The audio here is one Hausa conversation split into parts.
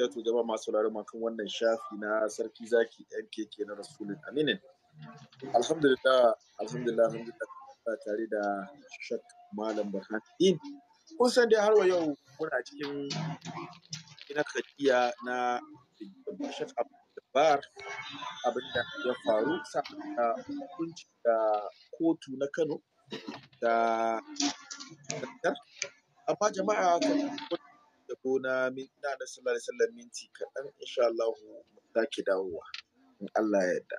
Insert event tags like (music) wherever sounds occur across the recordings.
barakatuh jama'a masu sauraron mu kan wannan shafi na sarki zaki keke na Rasulun Aminin. Alhamdulillah, alhamdulillah, alhamdulillah tare da Shak Malam Burhanuddin. Kun san dai har wa yau muna cikin na kadiya na Shak abin da ya faru sa kunci da kotu na Kano da amma jama'a كونا من صلى الله عليه وسلم من تيكا إن شاء الله متاكدا هو إن الله يدا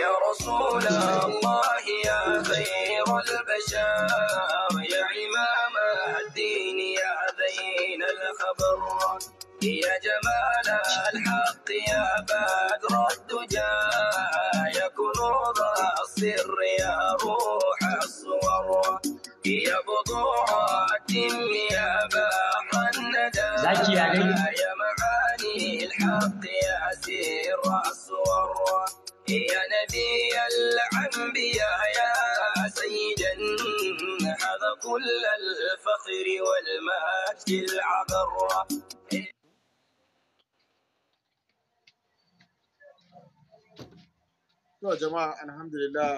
يا رسول الله يا خير البشر يا إمام الدين يا زين الخبر يا جمال يا بدر الدجى يا كنوز السر يا روح الصور يا بضوع الدم يا باح الندى يا معاني الحق يا سير الصور يا نبي الأنبياء يا سيدا هذا كل الفخر والمجد العبر To jama'a alhamdulillah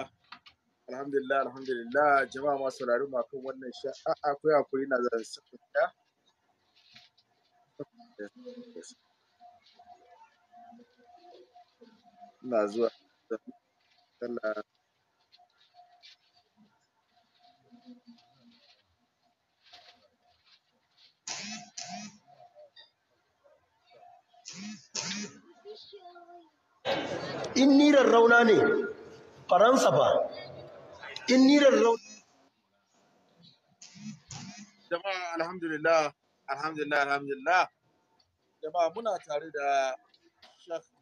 alhamdulillah alhamdulillah jama'a masu sauraron ma kan wannan sha'a akwai hakuri na zan saka da ina zuwa sallah Thank you. in niran rauna ne faransa ba in niran rauna jama'a alhamdulillah alhamdulillah alhamdulillah jama'a muna tare da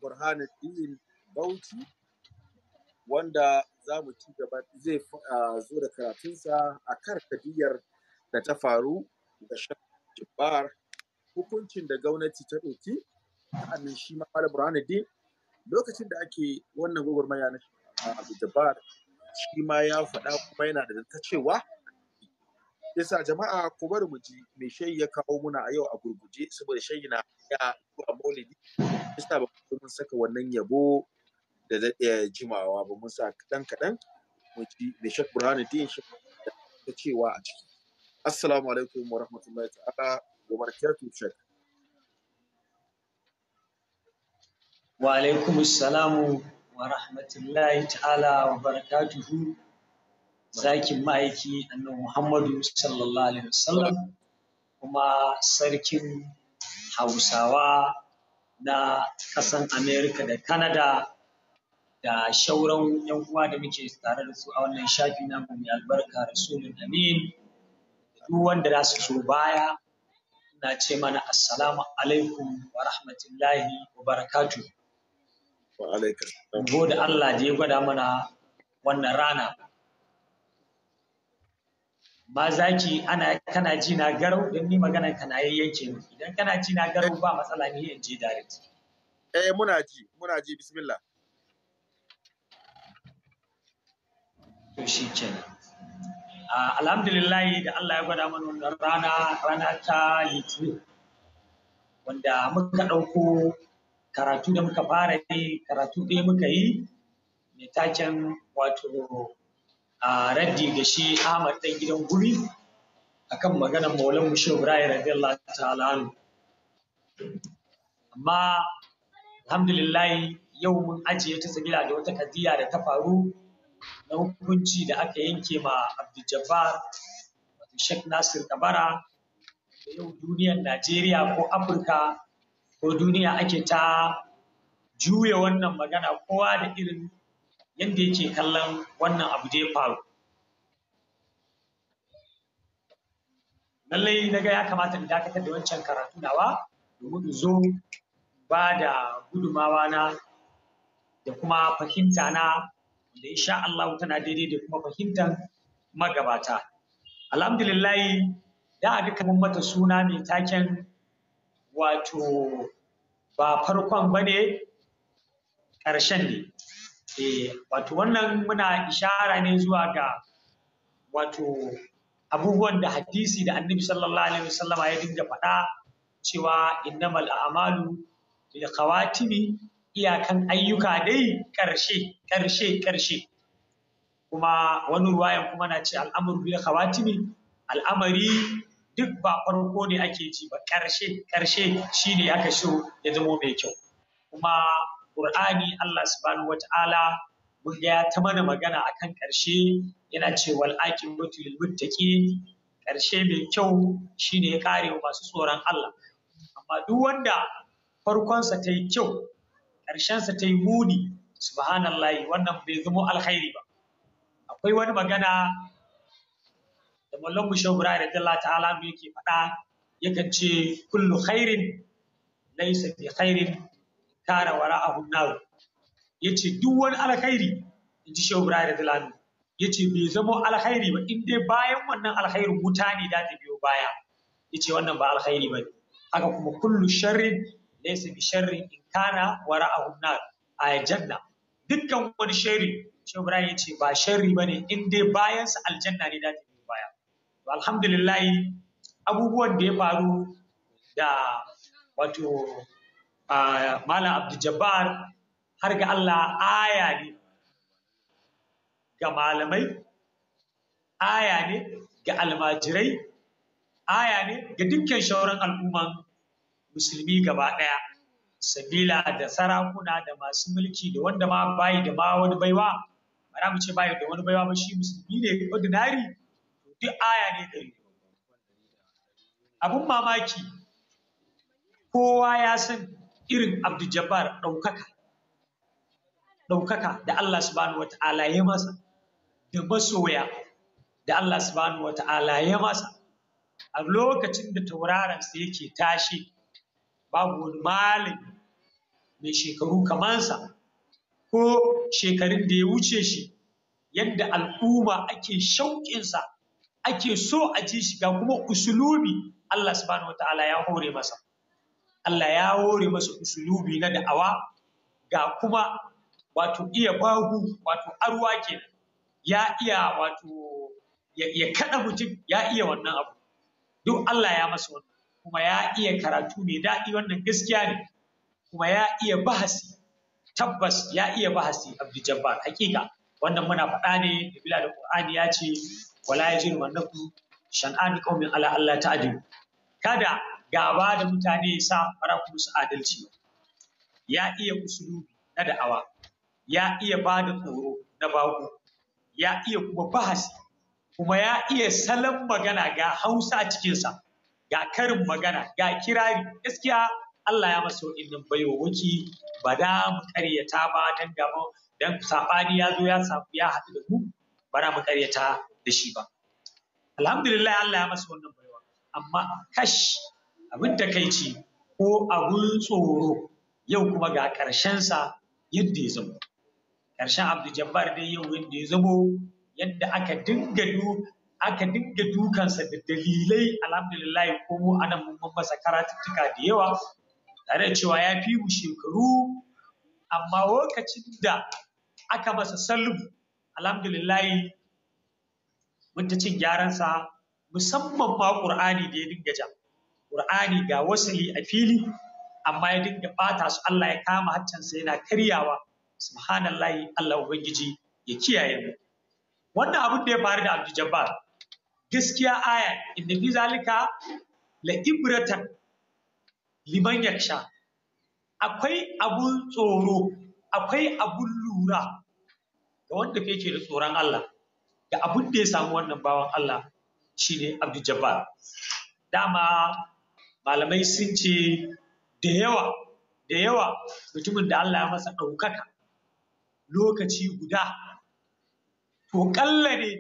burhanu din Bauchi wanda za mu ci gaba zai zo da karatunsa a kar kadiyar da ta faru da shafi jibbar. hukuncin da gwamnati ta ɗauki hannun shi ma din lokacin da ake wannan gwagwarmaya na Abdul shi ma ya faɗa kuma yana da ta cewa yasa jama'a ku bari mu ji me shayi ya kawo muna a yau a gurguje saboda shayi na ya zuwa maulidi yasa ba mun saka wannan yabo da daɗe eh, jimawa ba mun sa kaɗan kaɗan mu ji me shek burhanuddin shi ta cewa a ciki assalamu alaikum wa rahmatullahi ta'ala wa barakatuh shek wa alaikum salamu wa rahmatullahi ta'ala wa barakatuhu zakin ma'aiki annabi muhammadu sallallahu alaihi wasallam kuma sarkin hausawa na kasan Amerika da canada da shauran yan uwa da muke tare da su a wannan shafi na mai albarka rasulun amin duk wanda za su so baya na ce mana assalamu alaikum wa rahmatullahi wa barakatuhu Gode Allah da ya gwada mana wannan rana. Ba ki ana kana ji na garau don ni magana kana yayyanke ni. Idan kana ji na garau ba matsala ni in je direct. Eh muna ji, muna ji bismillah. To shi kenan. Ah, alhamdulillah da Allah ya gwada mana wannan rana, rana ta Litinin. Wanda muka ɗauko karatu da muka fara yi karatu ɗaya muka yi mai taken wato a raddi da shi Ahmad ɗan gidan guri akan maganar Maulan Mushe Ibrahim radiyallahu ta'ala amma alhamdulillah yau mun ajiye ta sabila da wata kadiya da ta faru na hukunci da aka yanke ma Abdul Jabbar Sheikh Nasir Kabara da yau duniyar Najeriya ko Afirka ko duniya ake ta juya wannan magana kowa da irin yadda yake kallon wannan abu da ya faru lallai na ga ya kamata in dakatar da wancan karatu nawa domin mu zo ba da gudumawa na da kuma fahimta na da insha Allah tana daidai da kuma fahimtar magabata alhamdulillahi da aka ga mata suna mai taken wato ba farkon ba ne ƙarshen ne eh, wato wannan muna ishara ne zuwa ga wato abubuwan da hadisi da annabi sallallahu alaihi wasallam ya dinga faɗa cewa innamal a'malu bil khawatimi iyakan ayyuka dai ƙarshe ƙarshe ƙarshe kuma wani ruwayan kuma na ce al'amuru bil khawatimi al'amari duk ba farko ne ake ji ba ƙarshe ƙarshe shi ne aka so ya zamo mai kyau kuma ƙur'ani Allah subhanahu wata'ala mun ga ya ta mana magana akan ƙarshe yana ce wal mutu lil muttaqi ƙarshe mai kyau shi ne ya kare masu tsoron Allah amma duk wanda farkonsa ta yi kyau ƙarshensa ta yi muni subhanallahi wannan bai zamo alkhairi ba akwai wani magana da mallon mu shehu ibrahim radiyallahu ta'ala mu yake faɗa yakan ce kullu khairin laysa bi khairin kana wara'ahu nar yace duk wani alkhairi inji shehu ibrahim radiyallahu yace bai zama alkhairi ba in dai bayan wannan alkhairin wuta ne da ta biyo baya yace wannan ba alkhairi bane haka kuma kullu sharrin laysa bi sharrin in kana wara'ahu nar a yajanna. dukkan wani sharri shehu ibrahim yace ba sharri bane in dai bayan sa aljanna ne da ta alhamdulillahi abubuwan da ya faru da wato malam abdujabbar har ga allah aya ne ga malamai aya ne ga almajirai aya ne ga dukkan shauran al'umman musulmi gaba ɗaya sabila da sarakuna da masu mulki da wanda ma bayi da ma wani baiwa ba mu ce bayi da wani baiwa ba shi musulmi ne ordinary duk aya ne ɗari abin mamaki kowa ya san irin abdu jabbar ɗaukaka ɗaukaka da Allah subhanahu wa ta'ala ya masa da masoya da Allah subhanahu wa ta'ala ya masa a lokacin da taurarensa yake tashi babu wani malami mai shekaru kamansa ko shekarun da ya wuce shi yadda al'umma ake shauƙinsa ake so a ci shi ga kuma usulubi Allah subhanahu wataala ya hore masa Allah ya hore masa usulubi na da'awa ga kuma wato iya bahu, wato arwa ke ya iya wato ya kada mutum ya iya wannan abu duk Allah ya masa wannan kuma ya iya karatu mai daɗi wannan gaskiya ne kuma ya iya bahasi tabbas ya iya bahasi Abdul Jabbar hakika wannan muna faɗa ne da bila da Qur'ani ya ce wala yajiru wannakum shan'an qaumin ala Allah ta'dilu kada gaba da mutane ya sa fara ku musu adalci ya iya usulubi na da'awa ya iya ba da tsoro na bago ya iya kuma bahasi kuma ya iya salon magana ga hausa a cikinsa ga karin magana ga kirari gaskiya Allah ya masa wa'innan waki, ba da mu karyata ba dan gaba dan sabani ya zo ya samu ya haɗu da mu ba da mu karyata da shi ba alhamdulillah Allah ya masa wannan baiwa amma kash abin da kai ci ko abun tsoro yau kuma ga sa yadda ya zamo ƙarshen Abdul jabbar dai yau yadda ya zamo yadda aka dinga aka dinga dukansa da dalilai alhamdulillah ko mu anan mun masa karatuttuka da yawa tare da cewa ya fi mu shekaru amma lokacin da aka masa salbu alhamdulillah mun ta cin sa, musamman ma Qur'ani da ya dinga ja Qur'ani ga wasali a fili amma ya dinga bata su Allah ya kama haccansa yana karyawa subhanallahi Allah ubangiji ya kiyaye mu wannan abin da ya faru da Abdul Jabbar gaskiya aya inda fi zalika la ibratan liman yaksha akwai abun tsoro akwai abun lura ga wanda yake da tsoron Allah da abin da ya samu wannan bawan Allah shine Abdul Jabbar dama malamai sun ce da yawa da yawa mutumin da Allah ya masa ɗaukaka lokaci guda to kalla ne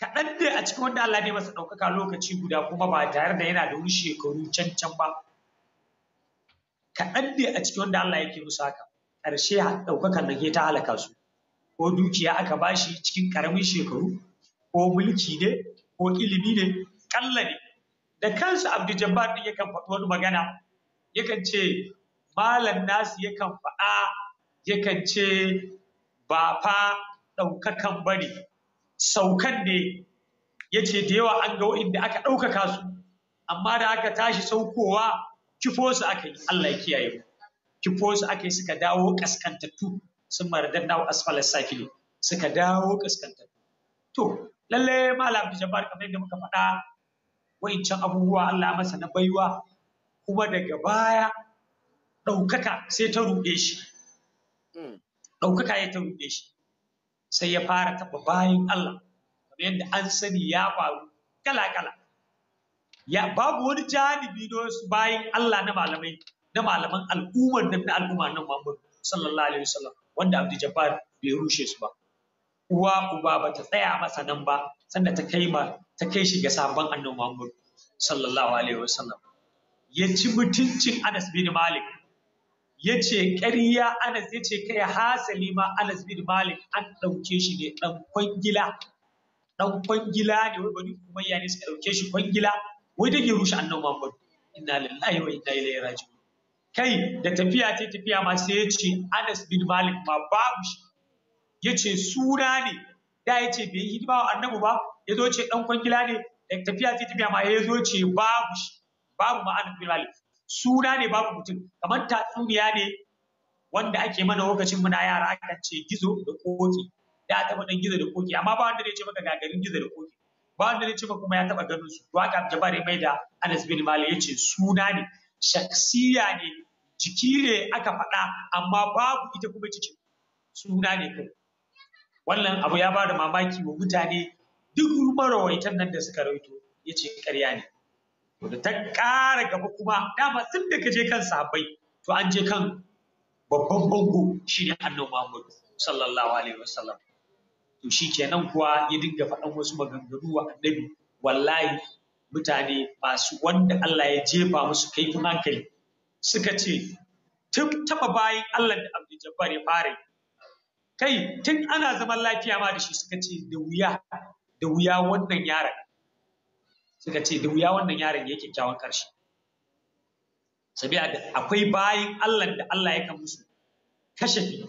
kaɗan ne a cikin wanda Allah ne masa ɗaukaka lokaci guda kuma ba tare da yana da wani shekaru can can ba kaɗan ne a cikin wanda Allah yake musu haka ƙarshe ɗaukakan nan ta halaka su ko dukiya aka bashi cikin ƙaramin shekaru ko mulki ne ko ilimi ne kalla ne da kansa abdu jabbar din yakan faɗi wani magana yakan ce malam nasu yakan faɗa yakan ce ba fa ɗaukakan ba saukan ne ya ce da yawa an ga inda aka ɗaukaka su amma da aka tashi saukowa kifo su aka yi Allah ya kiyaye kifo su aka yi suka dawo ƙaskantattu. sun maradan nawa asfalar safili suka dawo kaskantar to lalle malam jama'ar kamar yadda muka faɗa wa'incan abubuwa Allah masa na baiwa kuma daga baya ɗaukaka sai ta ruɗe shi hmm. ɗaukaka ya ta ruɗe shi sai ya fara taɓa bayan Allah kamar yadda an sani ya faru kala-kala ya babu wani janibi na wasu bayan Allah na malamai na malaman al'ummar nan na al'umma nan Muhammad sallallahu alaihi wasallam wanda Abdul Jabbar bai rushe su ba uwa uba ba ta tsaya masa nan ba sanda ta kai ma ta kai shi ga sabon annabi Muhammad sallallahu alaihi wasallam ya ci mutuncin Anas bin Malik ya ce ƙarya Anas ya ce kai hasali ma Anas bin Malik an ɗauke shi ne ɗan kwangila ɗan kwangila ne wai bani umayya ne suka ɗauke shi kwangila wai da ya rushe annabi Muhammad inna lillahi wa inna ilaihi raji'un kai da tafiya ta tafiya ma sai ya ce Anas bin Malik ma babu shi ya ce suna ne da ya ce bai yi hidima wa annabu ba ya zo ce dan kwangila ne da tafiya ta tafiya ma ya zo ce babu shi babu ma Anas bin Malik Suna ne babu mutum kamar tatsuniya ne wanda ake mana lokacin muna yara akan ce gizo da koki da ta dan gizo da koki amma ba wanda ne ce maka gagarin gizo da koki ba wanda ne ce maka kuma ya taba ganin su to haka jabare mai da Anas bin Malik ya ce suna ne shaksiya ne jiki ne aka faɗa amma babu ita kuma jiki suna ne kai wannan abu ya bada mamaki wa mutane duk marawaitan nan da suka rawaito ya ce ƙarya ne to da ta ƙara gaba kuma dama tun da ka je kan sahabbai to an je kan babban bango shi ne annabi Muhammad sallallahu alaihi wasallam to shi kenan kuwa ya dinga faɗan wasu maganganu wa annabi wallahi mutane masu wanda Allah ya jefa musu kaifin hankali suka ce tun taba bayan Allah da Abdul Jabbar ya fara kai tun ana zaman lafiya ma da shi suka ce da wuya da wuya wannan yaron suka ce da wuya wannan yaron yake kyawun karshe sabiya akwai bayan Allah da Allah ya kan musu kashafi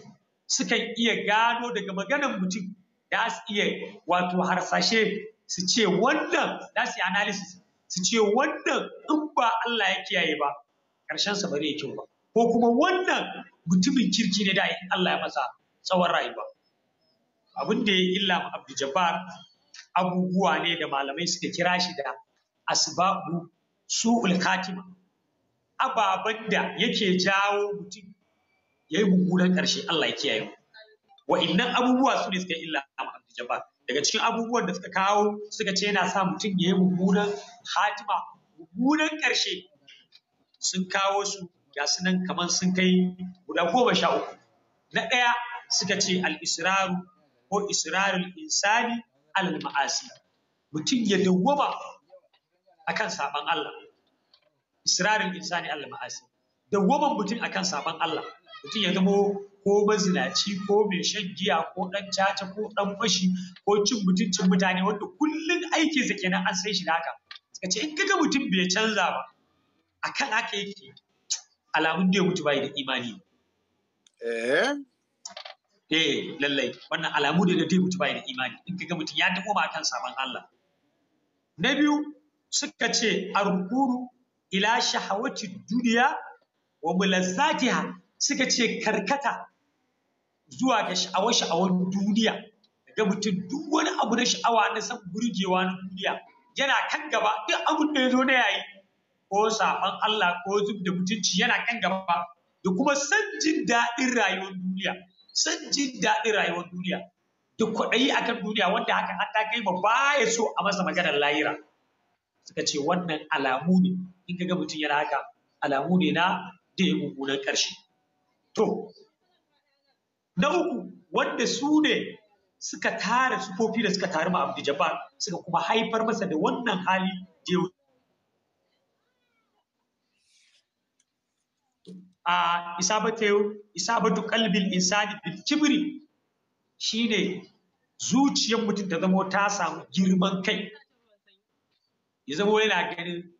sukan iya gano daga maganar mutum da su iya wato harsashe su ce wannan za su yi analysis su ce wannan in ba Allah ya kiyaye ba ƙarshen sa ba zai kyau ba ko kuma wannan mutumin kirki ne da Allah ya masa tsawon rayuwa abin da ya illa ma Abdul Jabbar abubuwa ne da malamai suka kira shi da asbabu su'ul khatima ababen da yake jawo mutum ya yi mummunan ƙarshe Allah ya kiyaye wa innan abubuwa su ne suka illa ma Abdul Jabbar daga cikin abubuwan da suka kawo suka ce yana sa mutum ya yi mummunan hatima mummunan ƙarshe sun kawo su ga su nan kamar sun kai guda goma sha uku na ɗaya suka ce al-israru ko israrul insani alal ma'asi mutum ya dawwama akan saban Allah israrul insani alal ma'asi dawwaman mutum akan saban Allah mutum ya zamo ko mazinaci ko mai shan giya ko ɗan caca ko ɗan fashi ko cin mutuncin mutane wanda kullum aikinsa kenan an san shi da haka suka ce in kaga mutum bai canza ba akan haka yake alamun da ya mutu bai da imani eh eh lallai wannan alamu ne da ya mutu bai da imani in kaga mutum ya dubo ba kan sabon Allah na biyu suka ce arkuru ila shahawati duniya wa mulazzatiha suka ce karkata zuwa ga sha'awar sha'awar duniya ga mutum duk wani abu na sha'awa na san burgewa na duniya yana kan gaba duk abin da ya zo na yayi ko saban Allah ko zub da mutunci yana kan gaba da kuma san jin daɗin rayuwar duniya san jin daɗin rayuwar duniya da kwaɗayi akan duniya wanda haka an ta kai ma baya so a masa maganar lahira suka ce wannan alamu ne in ka ga mutum yana haka alamu ne na da ya mummunan ƙarshe to na uku wanda su ne suka tara sufofi da suka taru ma Jabbar suka kuma haifar masa da wannan hali da a isabatu isabatu kalbin insani bil kibri shine zuciyar mutum da zamo ta samu girman kai ya zamo yana ganin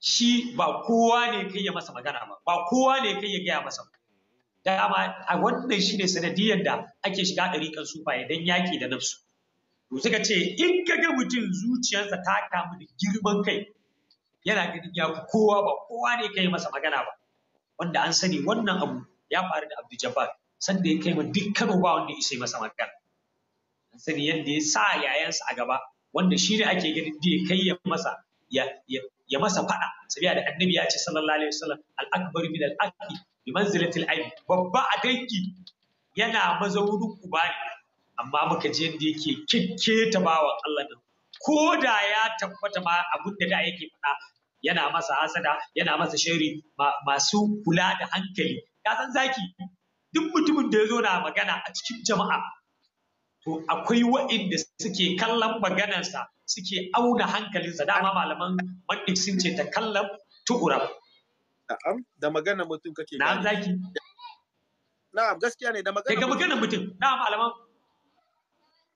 shi ba kowa ne kai ya masa magana ba ba kowa ne kai ya gaya masa ba dama a wannan shine sanadiyar da ake shiga ɗariƙan sufaye don yaƙi da nafsu to suka ce in ka ga mutum zuciyarsa ta kamu da girman kai yana ganin ya fi kowa ba kowa ne kai masa magana ba wanda an sani wannan abu ya faru da Abdul Jabbar sanda ya kai ma dukkan ba wanda ya sai masa magana an sani yadda ya sa yayansa a gaba wanda shi ne ake ganin da ya kai ya masa ya masa faɗa sabiya da annabi ya ce sallallahu alaihi wasallam al-akbar min al bi manzilatil babba a danki yana mazaunin uba ne amma muka je da yake kikke ta bawa Allah nan ko da ya tabbata ma abin da da yake faɗa yana masa hasada yana masa shari masu kula da hankali ya san zaki duk mutumin da ya zo na magana a cikin jama'a to akwai wa'inda suke kallon maganarsa suke auna hankalinsa dama malaman mandik sun ce ta kallon tuƙura. Na'am, da magana mutum kake Na'am zaki. Na'am, gaskiya ne da magana. Daga magana mutum, na'am malaman.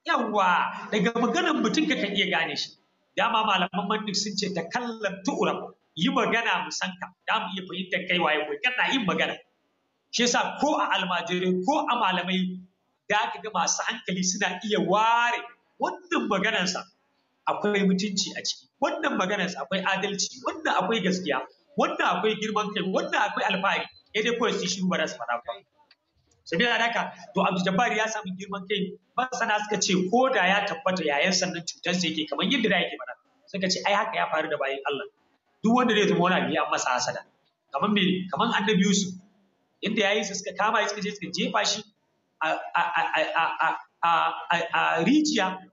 Yawwa, daga magana mutum ka kan iya gane shi. Dama malaman mandik sun ce ta kallon tu'uram, yi magana mu san ka, da mu iya fahimtar kai waye kai kana yin magana. Shi yasa ko a almajirai ko a malamai da aka ga masu hankali suna iya ware wannan maganarsa akwai mutunci a ciki, wannan maganarsa akwai adalci, wannan akwai gaskiya, wanda akwai girman kai wanda akwai alfahari ya dai kawai su shiru ba za su faɗa ba sabila da haka to Abdul Jabbar ya samu girman kai masana suka ce ko da ya tabbata yayan sannan cutar sa yake kamar yadda da yake faɗa suka ce ai haka ya faru da bayin Allah duk wanda zai zama wani abu ya masa hasada kamar me kamar annabi Yusuf yadda yayin su suka kama shi suka je suka jefa shi a rijiya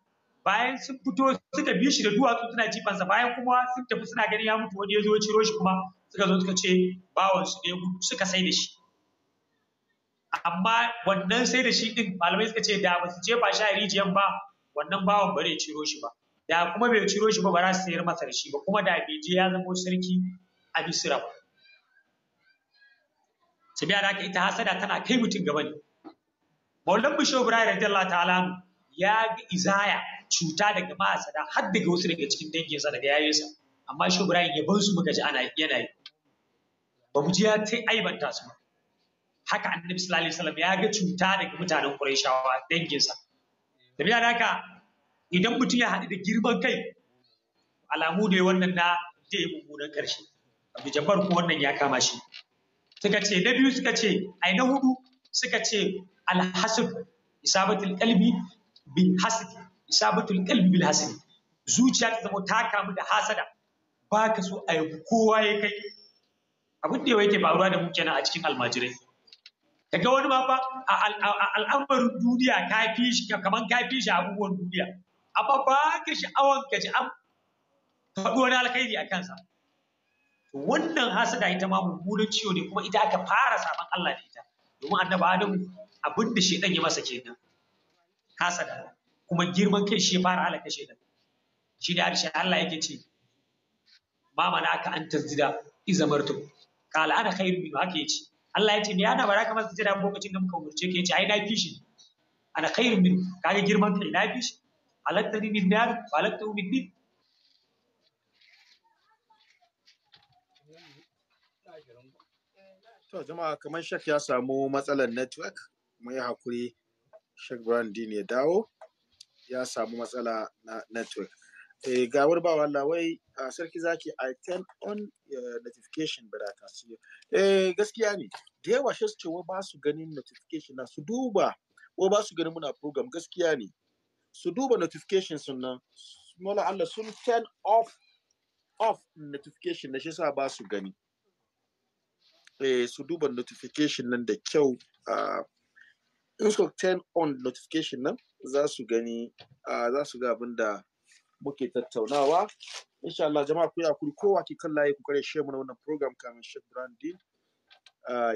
bayan sun fito suka bi shi da duwatsu suna jifansa bayan kuma sun tafi suna ganin ya mutu wani ya zo ciro shi kuma suka zo suka ce bawon su ne suka sai da shi amma wannan sai da shi din malamai suka ce da ba su jefa shi a rijiyan ba wannan bawan bare ciro shi ba da kuma bai ciro shi ba ba za su sayar masa da shi ba kuma da bai je ya zama sarki a bisira ba sabiya da ita hasada tana kai mutum gaba ne maulan bisho ibrahim radiyallahu ta'ala ya ga izaya cuta daga ma'asada har daga wasu daga cikin danginsa daga yayinsa amma shi Ibrahim ya bar su muka ji ana yana yi ba mu ji ya ta aibanta su ba haka annabi sallallahu alaihi wasallam ya ga cuta daga mutanen Qurayshawa danginsa da biya haka idan mutum ya haɗu da girman kai alamu ne wannan na zai yi mummunan karshe abu jabbar ko wannan ya kama shi suka ce na biyu suka ce ai na hudu suka ce alhasib isabatul qalbi bi hasidi isabatul qalbi bil hasad zuciya ta zama ta kamu da hasada ba ka so a yabu kowa ya kai abin da yake faruwa da mu kenan a cikin almajirai kaga wani ma fa a al'amarin duniya ka fi shi kaman ka fi shi abubuwan duniya amma ba ka sha'awan ka ji an faɗi wani alkhairi a kansa wannan hasada ita ma mummunan ciwo ne kuma ita aka fara saban Allah da ita domin da Adamu abin da shedan ya masa kenan hasada kuma girman kai shi fara halaka da shi da harshe Allah yake ce ma mana ka an tasdida izamartu kala ana khairu min haka yace Allah ya ce me yana baraka masa jira lokacin da muka umurce ka yace ai na fi shi ana khairu min kaga girman kai na fi shi ni min nar u min To jama'a kamar Shek ya samu matsalar network mai hakuri Shek Brandin ya dawo. ya samu matsala na network eh ga wani Allah wai ah, sarki zaki i turn on eh, notification but i can see eh gaskiya ne da yawa shi su ce wa ba su ganin notification na su duba wa ba su ganin muna program gaskiya ne su duba notification sun nan mola Allah sun turn off off notification na shi sa ba su gani eh su duba notification nan da kyau uh, in suka turn on notification nan za su gani za su ga abin da muke tattaunawa insha Allah jama'a ku yakuri kowa ke kan layi ku kare shi mu wannan program kamin Sheikh din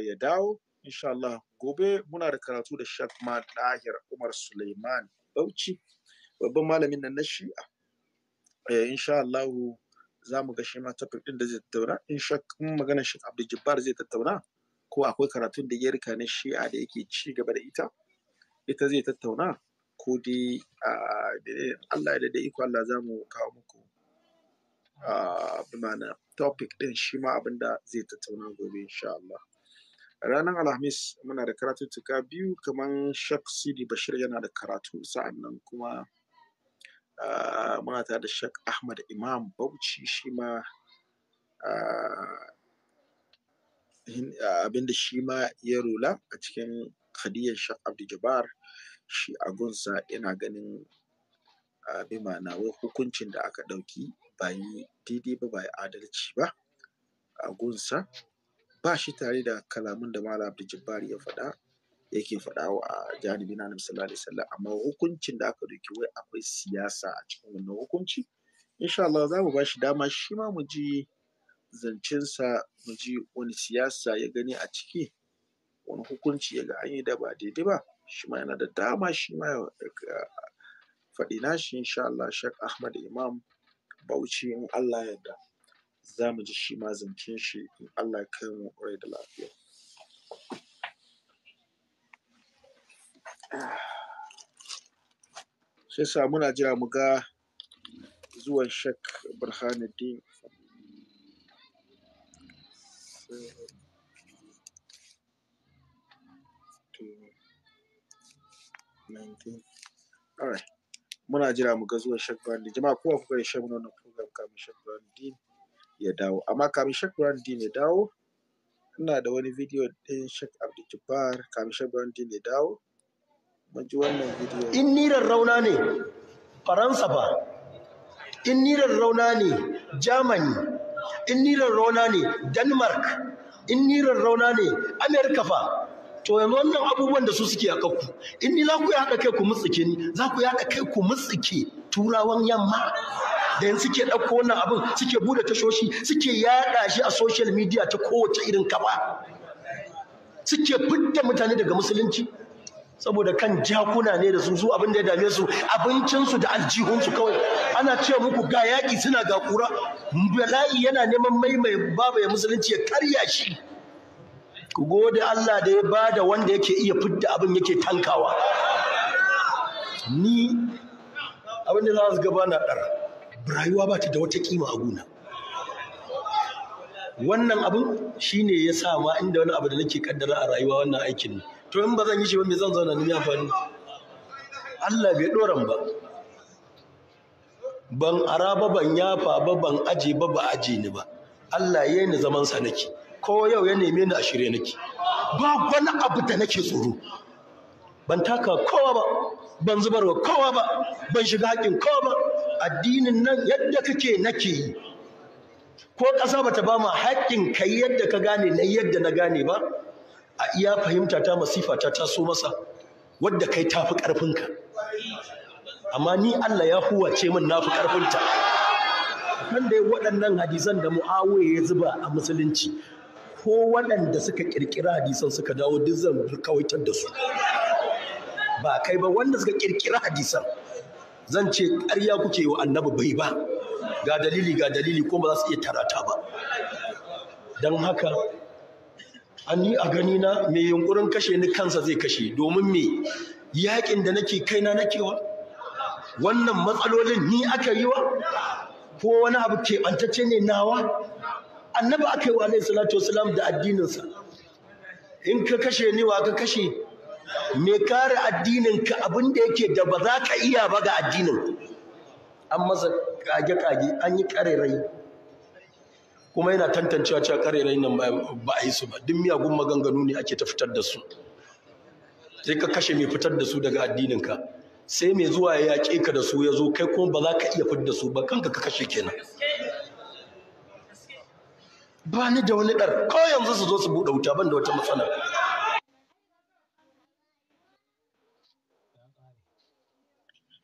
ya dawo insha Allah gobe muna da karatu da Sheikh Ma Umar Suleiman Bauchi babban malamin nan na Shi'a eh, insha Allah za mu ga shi ma topic din da zai tattauna in shak magana Sheikh Abdul Jabbar zai tattauna ko akwai karatun da ya rika na shi'a da yake ci gaba da ita ita zai tattauna ko dai Allah da iko Allah za mu kawo muku bimana topic din shi ma abin zai tattauna gobe insha Allah ranar alhamis muna da karatuttuka biyu kamar shek sidi bashir yana da karatu sa'an nan kuma muna tare da shek ahmad imam bauchi shi ma abinda shi ma ya rula a cikin khadiyar shak abdul shi a gunsa yana ganin bi ma'ana wai hukuncin da aka ɗauki ba yi daidai ba ba yi adalci ba a gunsa ba shi tare da kalamun da malam abdul ya faɗa yake faɗa wa a janibi na sallallahu alaihi amma hukuncin da aka ɗauki wai akwai siyasa a cikin wannan hukunci insha Allah za mu ba shi dama shi ma mu ji zancensa mu ji wani siyasa ya gani a ciki wani hukunci ya ga an yi da ba daidai ba shi ma yana da dama shi ma ya faɗi nashi insha Allah Sheikh Ahmad Imam Bauchi in Allah ya yarda za mu ji shi ma zancen shi in Allah ya kai mu rai da lafiya sai sa muna jira mu ga zuwan Sheikh Burhanuddin Muna jira mu ga zuwan Sheikh din. Jama'a kowa kuka yi share wannan program kamin Sheikh din ya dawo. Amma kamin Sheikh din ya dawo, ina da wani bidiyo ɗin shak Abdul Jabbar kamin Sheikh din ya dawo. Mun ji wannan video In ni rauna ne, Faransa ba. In ni rauna ne, Germany. in ni rauna ne denmark in ni rauna ne america fa to yanzu wannan abubuwan da su suke a kanku in ni za ku haɗa kai ku mutsike ni za ku haɗa kai ku mutsike turawan yamma da yanzu suke ɗauko wannan abin suke bude tashoshi suke yaɗa shi a social media ta kowace irin kaba suke fitta mutane daga musulunci saboda kan jakuna ne da su su abin da ya dame su abincinsu da aljihunsu kawai ana ce muku ga yaƙi suna ga kura bala'i yana neman maimai babu ya musulunci ya karya shi ku gode Allah da ya bada wanda yake iya fidda abin yake tankawa ni abin da za su gaba na rayuwa ba ta da wata kima a guna wannan abin shine ya sa ma inda wani abu da nake kaddara a rayuwa wannan aikin to in ba zan yi shi ba me zan zauna ni amfani Allah bai doran ba ban ara ba ban yafa ba ban aje ba ba aje ni ba Allah yayi ni zaman sa nake ko yau ya neme ni a shirye nake ba wani abu da nake tsoro ban taka kowa ba ban zubarwa kowa ba ban shiga haƙin kowa ba addinin nan yadda kake nake yi ko ƙasa bata ba ma haƙƙin kai yadda ka gane na yadda na gane ba a iya fahimta ta masifa ta taso masa wadda kai tafi ƙarfinka amma ni Allah ya huwace min nafi ƙarfinta kan dai waɗannan hadisan da mu'awiya ya zuba a musulunci ko waɗanda suka ƙirƙira hadisan suka dawo duk zan kawaitar da su ba kai ba wanda suka ƙirƙira hadisan zan ce ƙarya kuke wa annabi bai ba ga dalili ga dalili ko ba za su iya tarata ba don haka ni a gani na mai yunkurin kashe ni kansa zai kashe domin me yakin da nake kaina nake wa wannan matsalolin ni aka yi wa ko wani abu keɓantacce ne nawa annabi aka yi wa alaihi salatu wasalam da addininsa in ka kashe ni wa ka kashe me kare ka abin da yake da ba za ka iya ba ga addinin an masa kage-kage an yi ƙarerai kuma yana tantancewa cewa ƙarerayi nan ba a yi su ba duk miyagun maganganu ne ake ta fitar da su sai ka kashe mai fitar da su daga addininka sai mai zuwa ya yaƙe ka da su ya zo kai kuma ba za ka iya fitar da su ba kanka ka kashe kenan ba ni da wani ɗar kawai yanzu su zo su buɗe wuta ban da wata matsala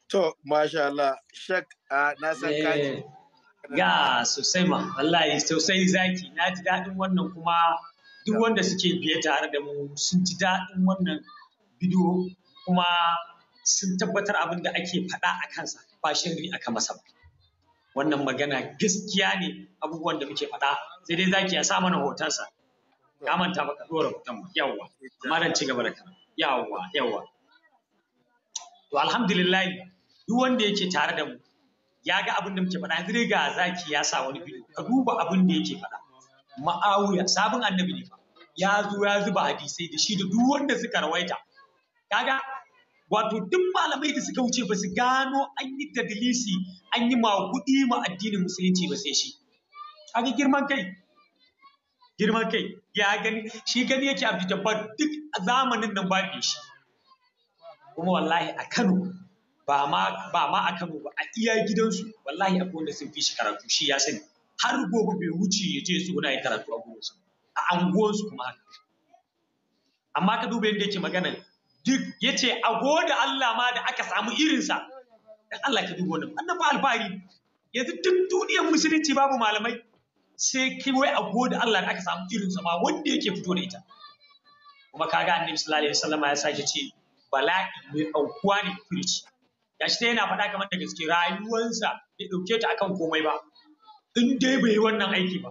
to masha Allah shak ah, na san kaji eh. ya sosai ma wallahi sosai zaki na ji daɗin wannan kuma duk wanda suke biye tare da mu sun ji daɗin wannan bidiyo kuma sun tabbatar abin da ake faɗa a kansa ba shirri aka masa ba wannan magana gaskiya ne abubuwan da muke faɗa sai dai zaki ya sa mana hotonsa ya manta ka ɗora hoton yawwa amma dan ci gaba da kana yawwa yawwa to alhamdulillah duk wanda yake tare da mu ya ga abin da muke faɗa yanzu ga zaki ya sa wani bidiyo ka duba abin da yake faɗa ma'awiya sabon annabi ne ya zo ya zuba hadisai da shi da duk wanda suka rawaita kaga wato duk malamai da suka wuce ba su gano an yi tadlisi an yi kuɗi ma addinin musulunci ba sai shi kaga girman kai girman kai ya gani shi gani yake abdu jabbar duk zamanin nan ba shi kuma wallahi a Kano ba ma a Kano ba a iya gidansu wallahi akwai wanda sun fi shi karatu shi ya sani har gobe bai wuce ya je su guda ya karatu a gurinsu a anguwansu kuma haka amma ka duba yadda yake magana duk ya ce, a gode Allah ma da aka samu irinsa dan Allah ka duba wannan annabi alfahari yanzu duk duniyar musulunci babu malamai sai kai wai a gode Allah da aka samu irinsa ma wanda yake fito da ita kuma kaga annabi sallallahu alaihi wasallam ya sake ce bala'i mai aukuwa ne firici gashi dai yana faɗa kamar da gaske rayuwarsa ya ɗauke ta akan komai ba in dai bai yi wannan aiki ba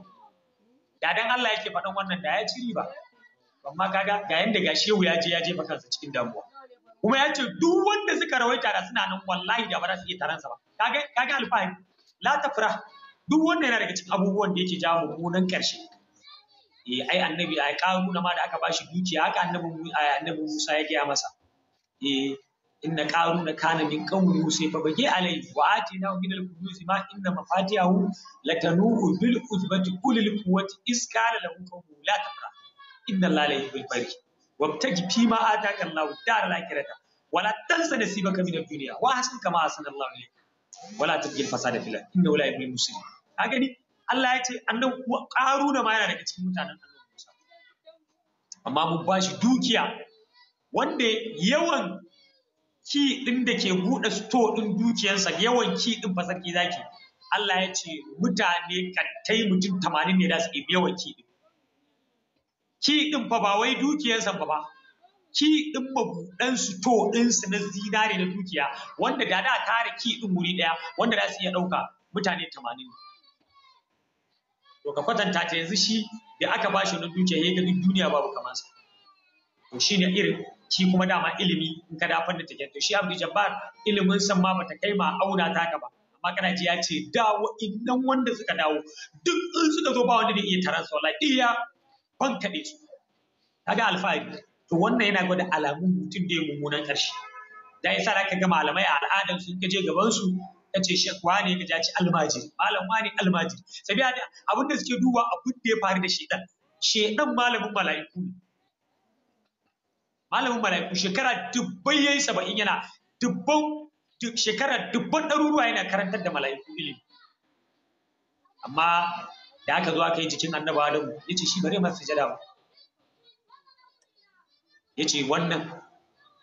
da dan Allah yake faɗan wannan da ya ci riba amma kaga ga yanda gashi ya je ya je kansa cikin damuwa kuma ya ce duk wanda suka rawaita da suna nan wallahi da ba za su iya taransa ba kaga kaga alfahari la tafra duk wanda yana daga cikin abubuwan da yake jawo mummunan karshe eh ai annabi ai na ma da aka bashi dukiya haka annabi annabi Musa ya gaya masa eh inna na kana min qawmi musa fa bagi alayhi wa atina min al-kunuz ma inna mafatihahu latanu bil uzbati al quwwati iskala lahu qawmu la tafra inna allaha la yuhibbul wa wabtaji fi ma ataka allah dar al-akhirata wala tansa nasibaka min ad-dunya wa hasan kama hasana allah ilayka wala tabgil fasada fil ardi inna la yuhibbul muslimin haka ni Allah ya ce annan na ma yana daga cikin mutanen allah amma mun bashi dukiya wanda yawan ki ɗin da ke buɗe sto din dukiyarsa yawan ki ɗin fasarki zaki Allah ya ce mutane kattai mutum tamanin ne da su ɗebi yawan ki ɗin. Ki ɗin fa ba wai dukiyarsa ba ba. Ki ɗin mabuɗan su din su na zinare na dukiya wanda da da tare ki ɗin wuri ɗaya wanda za su iya ɗauka mutane tamanin ne. To ka kwatanta ta yanzu shi da aka ba shi na dukiya ya gani duniya babu sa To shi irin shi kuma dama ilimi in ka da ta take to shi Abdul Jabbar ilimin san ma bata kai ma auna ta ka ba amma kana ji ya ce dawo idan wanda suka dawo duk in suka zo ba wanda da iya taransa wallahi iya ban kaɗe su kaga alfahari to wannan yana gwada alamun mutum da ya mummunan ƙarshe da yasa za ka ga malamai a al'adar su ka je gaban su ka ce shek wane ka ja ci almaji malam wane almaji sabiya da abin suke duba abin da ya faru da shedan shedan malamin mala'iku ne malamin mala'iku shekara dubban yayi saba'in yana dubban shekara dubban ɗaruruwa yana karantar da mala'iku ilimi amma da aka zo aka yi jikin annaba adamu ya ce shi bare masa sujada ba ya ce wannan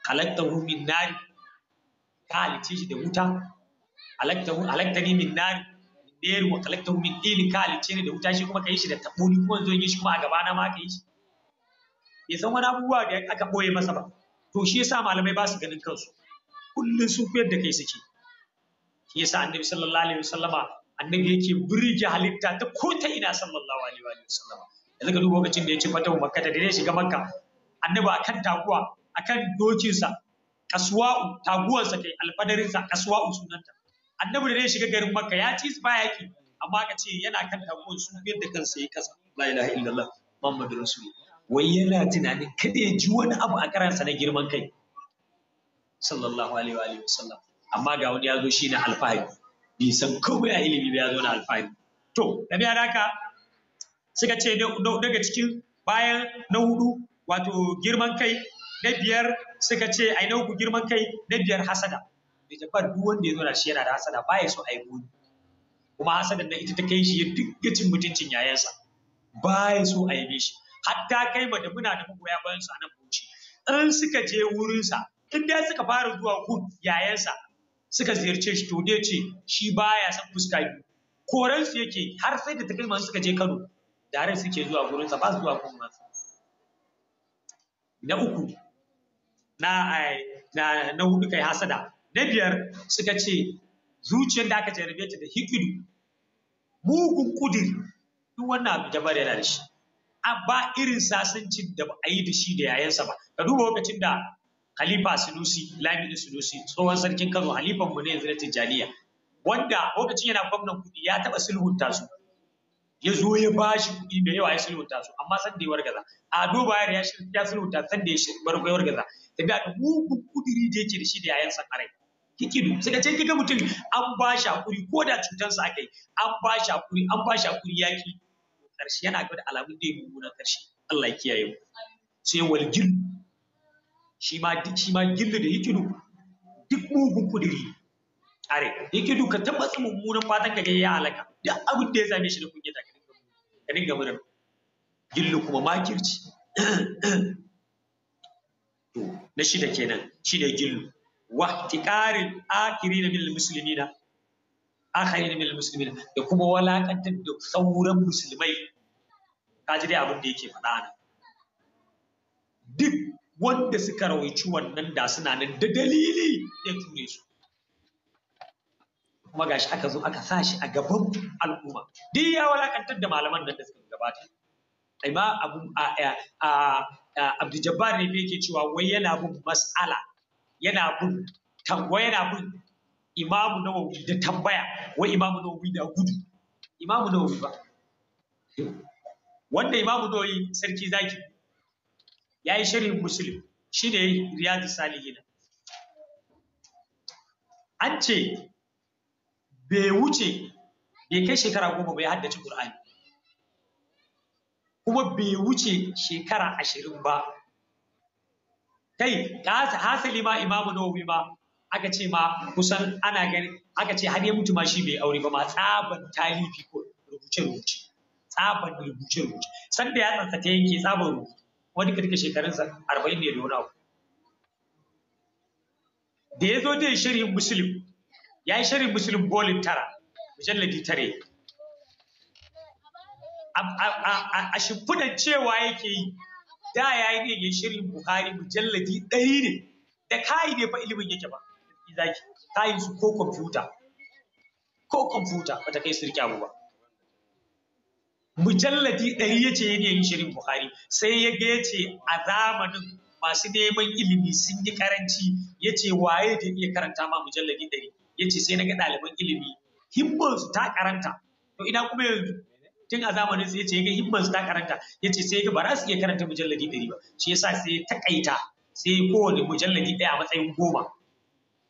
halattahu min nari ka halice shi da wuta ni min nari min neri wa halattahu min ilin ka halice ni da wuta shi kuma ka yi shi da taɓo ni kuma zo yi shi kuma a gaba na ma ka yi shi ya san wani abubuwa da aka ɓoye masa ba to shi yasa malamai ba su ganin kansu kullum sun fiyar da kai suke shi yasa annabi sallallahu alaihi wasallama annabi yake burge halitta ta ko ta ina sallallahu alaihi wasallama yanzu ka duba lokacin da ya ci fatahu makka da dai shiga makka annabi akan taguwa akan dokinsa kaswa'u taguwarsa kai alfadarinsa kaswa'u sunanta annabi da zai shiga garin makka ya ci ba yaki amma ka ce yana kan taguwar su fiyar da kansa ya kasa la ilaha illallah muhammadur rasulullah wai yana tunanin kada ya ji wani abu a karansa na girman kai sallallahu alaihi wa sallam amma ga wani ya zo shi na alfahari bai san komai a ilimi ba ya zo na alfahari to da biya haka suka ce daga cikin bayan na hudu wato girman kai na biyar suka ce ai na uku girman kai na biyar hasada da jabbar duk wanda ya zo na shi yana da hasada ba ya so a yi goni kuma hasadan na ita ta kai shi ya duk cin mutuncin yayansa ba ya so a yi shi hatta kai ba da muna da magoya bayan su a nan Bauchi in suka je wurinsa in dai suka fara zuwa gun yayansa suka ziyarce shi to dai ce shi baya san fuska biyu koran su yake har sai da takalman suka je Kano dare suke zuwa gurinsa ba su zuwa gun ba na uku na eh, na na hudu kai hasada na biyar suka ce zuciyar da aka jarabe ta da hikidu mugun kudiri duk wannan abu jabar yana da shi ba irin sasancin da ba a yi da shi da yayansa ba ka duba lokacin da Khalifa Sunusi Lamini Sunusi tsohon sarkin Kano halifan mu ne yanzu na Tijjaniya wanda lokacin yana gwamnan kuɗi ya taba sulhunta su ya zo ya ba shi kuɗi da yawa ya sulhunta su amma san da ya wargaza a duba ya ya sulhunta san da ya barko ya wargaza tafiya da mugun kudiri da yake da shi da yayansa a rai sai ka ce kika mutum an ba shi hakuri ko da cutansa aka yi an ba shi hakuri an ba shi hakuri yaki karshe yana da alamun da ya mummunan ƙarshe. Allah ya kiyaye mu sai wal gil shi ma shi ma gillu da yake duk mugun kudiri are yake duka tabbas mummunan fatan ka ga ya alaka duk abin da ya same shi da kunyata ka dinga ka dinga da gillu kuma makirci to na shida kenan shine gillu wa tiqarin akirina bil muslimina akharina min muslimin da kuma walakantar da sauran musulmai ka ji dai abin da yake faɗa nan duk wanda suka rawaici wannan da suna nan da dalili ya ture su kuma gashi aka zo aka sa shi a gaban al'umma duk ya walakantar da malaman nan da suka gabata ima abu a Abdul jabbar ne yake cewa wai yana bin mas'ala yana bin tambaya yana bin imamu na nawawi da tambaya wai imamu na nawawi da gudu imamu na nawawi ba wanda imamu doyi sarki zaki ya yi shirin muslim shi ne riyadu salihina an ce bai wuce bai kai shekara goma bai haddace ƙur'ani kuma bai wuce shekara ashirin ba kai ta hasali ma imamu nawawi ma aka ce ma kusan ana gani aka ce har ya mutu ma shi bai aure ba ma tsaban tarihi ko rubuce rubuce tsaban rubuce rubuce sanda ya tsansa ta yanke tsaban rubutu wani kirkin sa arba'in ne da wani abu da ya zo zai shirin musulun ya yi sharhin musulun bolin tara mujalladi tare a shimfidan cewa yake yi da ya yi ne ya sharhin buhari mujalladi ɗari ne da kayi ne fa ilimin yake ba zaki kayin su ko kwamfuta ko kwamfuta bata kai su rike abu ba mujallati ɗari ya ce yanayin shirin buhari sai ya ga ce a zamanin masu neman ilimi sun yi karanci ya ce waye da iya karanta ma mujalladi ɗari ya ce sai na ga ɗaliban ilimi himmansu ta karanta to ina kuma yanzu tun a zamanin sai ya ce ya ga himmansu ta karanta ya ce sai ya ga ba za su iya karanta mujalladi ɗari ba shi yasa sai ya takaita sai kowane mujalladi ɗaya a matsayin goma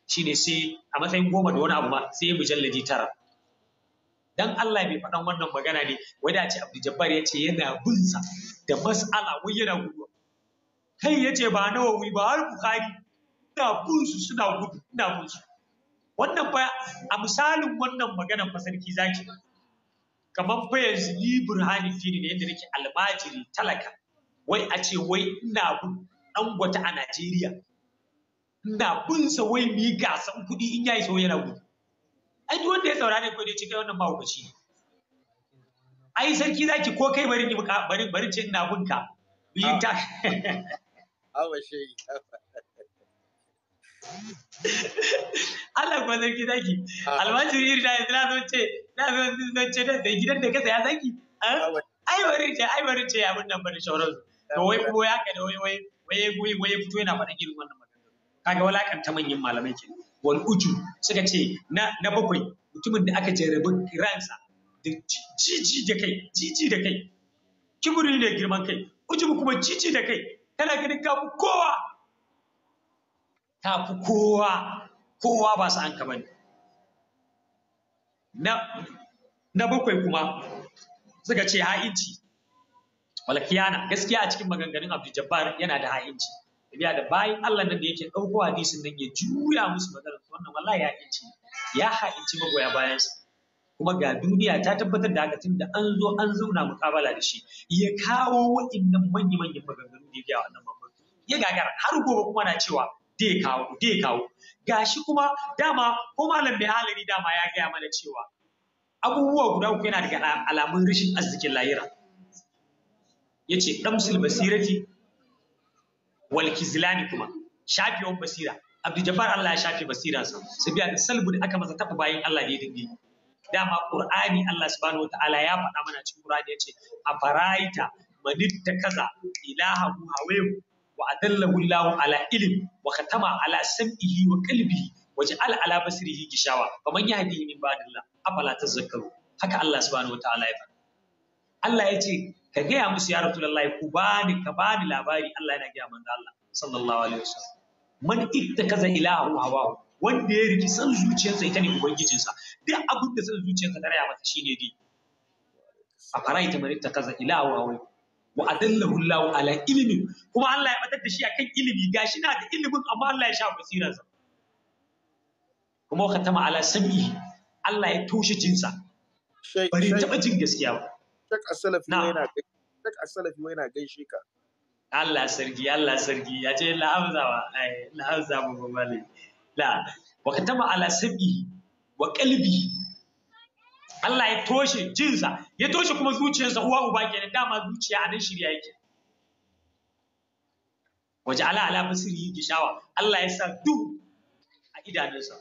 shine sai a matsayin goma da wani abu ba sai mujalladi tara dan Allah mai faɗan wannan magana ne wai da ce Abdul Jabbar ya ce yana bin da mas'ala wai yana gudu kai ya ce ba Nawawi ba har Bukhari ina bin suna gudu ina bin wannan fa a misalin wannan maganar fa sarki zaki kamar fa yanzu ni burhani dini ne yanda nake almajiri talaka wai a ce wai ina gudu dan gwata a Najeriya ina bin wai mi gasan kuɗi in yayi so yana gudu ai duk wanda ya saurare ko dai cikin wannan mahaukaci ai sarki zaki ko kai bari ni bari bari ce ina bunka biyin ta awa (laughs) shi Allah kuma sarki zaki almajiri irin da na zo ce na zo zan ce da gidan da kasa ya zaki ai bari ce ai bari ce abin nan bari shauransu to wai kuma ya kai da wai wai wai wai fito yana faɗin girin wannan kaga walakanta manyan malamai ke wani uju suka ce na na bakwai mutumin da aka jarabi ransa da jiji da kai jiji da kai kiburi ne girman kai uju kuma jiji da kai kana ganin ka fi kowa ka fi kowa kowa ba su an kamar na na bakwai kuma suka ce ha'inci walakiyana gaskiya a cikin maganganun abdul jabbar yana da ha'inci tafiya da bayan Allah nan da yake ɗauko hadisin nan ya juya musu magana wannan wallahi ya inci ya ha'inci magoya bayansa kuma ga duniya ta tabbatar da haka da an zo an zauna mukabala da shi ya kawo wa'innan manya manyan maganganu da ya wannan mamman ya gagara har gobe kuma na cewa dai kawo dai kawo gashi kuma dama ko malam mai halari dama ya gaya mana cewa abubuwa guda uku yana daga alamun rashin arzikin lahira yace damsul basirati wal kizlani kuma shafewar basira abdu jabbar Allah ya shafe basiransa sabiya da salbu da aka masa taba bayan Allah ya dinge dama qur'ani Allah subhanahu wataala ya faɗa mana cikin qur'ani ce. a faraita manitta kaza ilahu hawayu wa adallahu Allah ala ilm wa ala sam'ihi wa qalbihi waje ala ala basirihi gishawa faman yahdihi min ba'dillah afala tazakkaru haka Allah subhanahu wataala ya faɗa Allah ya ce ka gaya musu ya rasulullahi ku bani ka bani labari Allah yana gaya manzo Allah sallallahu alaihi wasallam man kaza ilahu hawahu wanda ya riki san zuciyarsa ita ne ubangijinsa duk abin da san zuciyarsa ta raya masa shine dai a faraita man ittakaza ilahu hawahu wa adallahu Allah ala ilmin kuma Allah ya batar da shi akan ilimi gashi na da ilimin amma Allah ya sha basirarsa kuma ka tama ala sab'i Allah ya toshe jinsa bari taba jin gaskiya ba shek asalafi yana shek asalafi yana gaishe ka Allah sarki Allah sarki ya ce la hamza wa la hamza mu bale la wa kataba ala sabi wa qalbi Allah ya toshe jinsa ya toshe kuma zuciyarsa uwa uba kenan dama zuciya a nan shirya yake waje ala ala basiri shawa Allah ya sa duk a idanunsa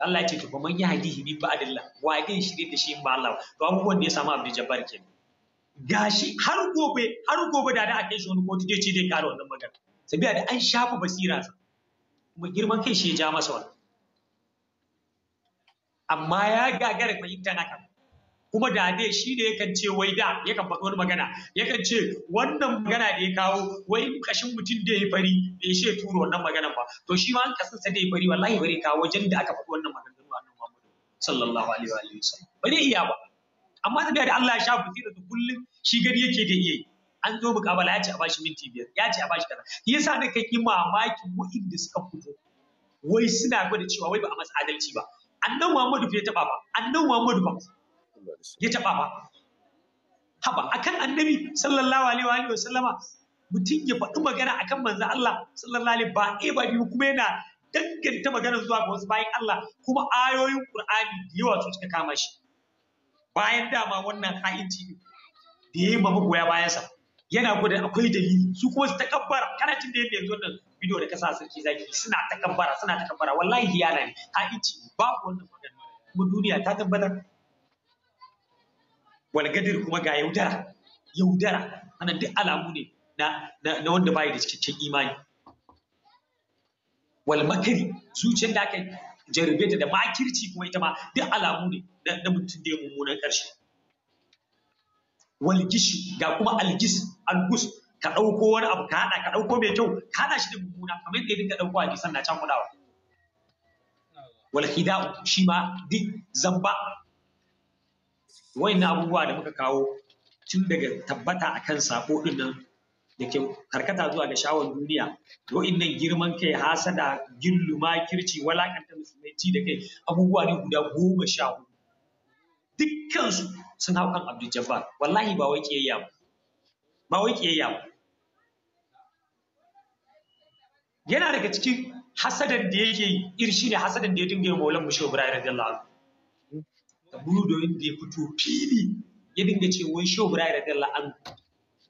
Allah ya ce to ba man yahdi bi ba'dillah wa din shirye da shi in ba Allah to abubuwan da ya samu Abdul Jabbar ke. gashi har gobe har gobe da da a kai shi wani kotu zai ce zai kare wannan magana sabiya da an shafa basira sa kuma girman kai shi ya ja masa wannan amma ya gagara tana kan kuma da dai shi ne yakan ce wai da yakan faɗi wani magana yakan ce wannan magana da ya kawo wai kashin mutum da ya fari shi ya tura turo wannan magana ba to shi ma an kasance sa da ya fari wallahi bari kawo wajen da aka faɗi wannan ga annabi Muhammad sallallahu alaihi wa alihi wasallam ba zai iya ba amma da da Allah ya sha buki da kullum shi gari yake da iya an zo mukabala ya ce a bashi minti biyar ya ce a bashi kaza yasa da kake mamakin wa'inda suka fito wai suna gwada cewa wai ba a masa adalci ba annabi Muhammad bai taba ba annabi Muhammad ba ya taba ba haba akan annabi sallallahu alaihi wa sallama mutum ya faɗi magana akan manzo Allah sallallahu alaihi ba eh ba biyu kuma yana danganta magana zuwa ga wasu bayan Allah kuma ayoyin Qur'ani da yawa su suka kama shi bayan dama wannan ha'inci ne da yayi ma magoya bayansa yana gwada akwai dalili su kuma su takabbara karatun da ya yanzu wannan bidiyo da kasa sarki zaki suna takabbara suna takabbara wallahi yana ne ha'inci babu wannan magana kuma duniya ta tabbatar wani gadir kuma ga yaudara yaudara ana duk alamu ne na na wanda bai da cikakken imani wal makari zuciyar da aka jarabe ta da makirci kuma ita ma duk alamu ne na mutum da ya mummunan ƙarshe wal gishi ga kuma algis algus ka ɗauko wani abu ka hada ka ɗauko mai kyau ka hada shi da mummuna kamar yadda ya dinga ɗauko a gisan na can kuɗawa wal hida'u shi ma duk zamba wayannan abubuwa da muka kawo tun daga tabbata akan sako din nan da ke karkata zuwa ga shawar duniya wa'innan girman kai hasada gilluma, kirci, walakanta musulunci da kai abubuwa ne guda goma sha hudu dukkansu sun hau kan abdul jabbar wallahi ba wai kiyayya ba ba wai kiyayya ba yana daga cikin hasadan da yake irshi ne hasadan da ya dinga yi maulan mushe ibrahim radiyallahu anhu da burudo da ya fito fili ya dinga ce wai shehu ibrahim radiyallahu anhu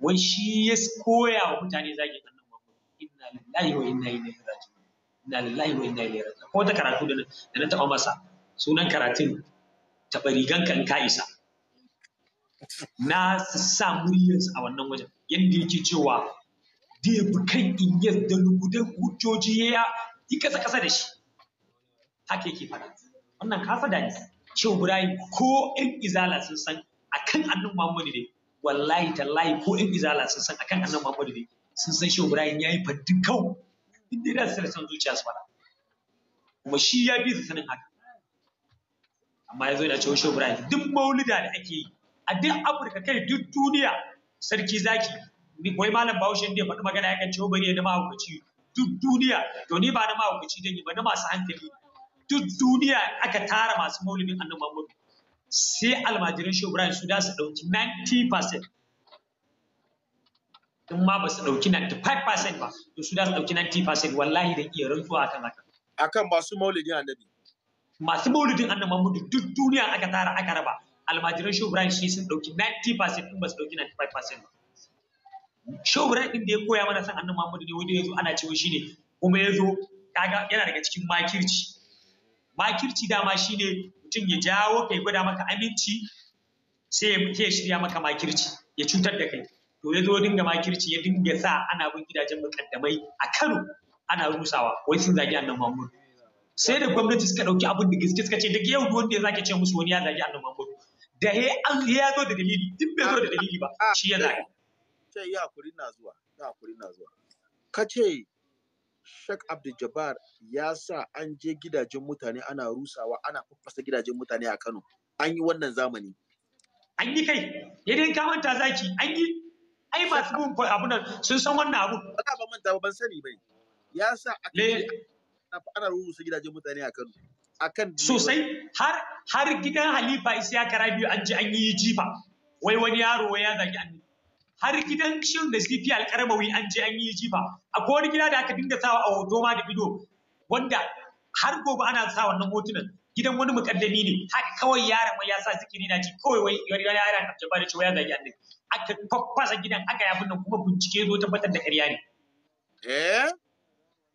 wai shi ya koya wa mutane zagin annabi muhammad inna lillahi wa inna ilaihi raji'un inna lillahi wa inna ilaihi raji'un ko ta karatu da na taɓa masa sunan karatun taɓa riganka in ka isa na sa muryarsa a wannan wajen yadda yake cewa da ya bi kan inyar da lugudan hujjoji ya yi kasa-kasa da shi haka yake faɗa wannan ka da ne shehu ibrahim ko in izala sun san akan annabi muhammadu ne wallahi tallahi ko in izala sun san akan annabi muhammadu ne sun san shehu ibrahim yayi faddin kau inda da su san zuciya su fara kuma shi ya bi su sanin haka amma ya zo da cewa shehu ibrahim duk maulida da ake yi a duk afirka kai duk duniya sarki zaki ni koyi malam bahaushe ne faɗi magana yakan cewa bari ya na mahaukaci duk duniya to ni ba na mahaukaci ne ba na masu hankali ne duk duniya aka tara masu maulimin annabi Muhammadu sai almajirin Shehu Ibrahim su da su dauki 90% in ma ba su dauki 95% ba to su da su dauki 90% wallahi da iya rantsuwa akan haka akan masu maulidin annabi masu maulidin annabi Muhammadu duk duniya aka tara aka raba almajirin Shehu Ibrahim shi sun dauki 90% in ba su dauki 95% ba Shehu Ibrahim din da ya koya mana san annabi Muhammadu ne wanda ya ana cewa shi ne kuma yazo kaga yana daga cikin makirci makirci dama shi ne mutum ya jawo kai gwada maka aminci sai ya shirya maka makirci ya cutar da kai to ya zo dinga makirci ya dinga sa ana bin gidajen mukaddamai a Kano ana rusawa wai sun zagi annan Muhammad sai da gwamnati suka dauki abin da gaske suka ce duk yau wanda ya zake ce musu wani ya zagi annan Muhammad da he an ya zo da dalili duk bai zo da dalili ba shi ya zagi sai ya hakuri na zuwa ya hakuri na zuwa kace Sheikh Abdul Jabbar ya sa an je gidajen mutane ana rusawa ana faffasa gidajen mutane a Kano. An yi wannan zamani. An yi kai, yadda ka manta zaki, an yi ai masu bin nan sun san wannan abu. Ba ba manta ba ban sani ba. Ya sa ana rusa gidajen mutane a Kano. Akan sosai har har gidan Halifa Isiya Karabiyu an je an yi jifa. Wai wani yaro ya zagi annabi. har gidan shirin da zifi alƙarmawi an je an yi jifa akwai wani gida da aka dinga sawa a hoto ma da bido wanda har gobe ana sa wannan hotunan gidan wani mukaddami ne har kawai yaran mai yasa sa zikiri na ji kawai wai yari ya yaran kamce ba da cewa ya zagi annabi aka faffasa gidan aka ya nan kuma bincike zo tabbatar da ƙarya ne eh?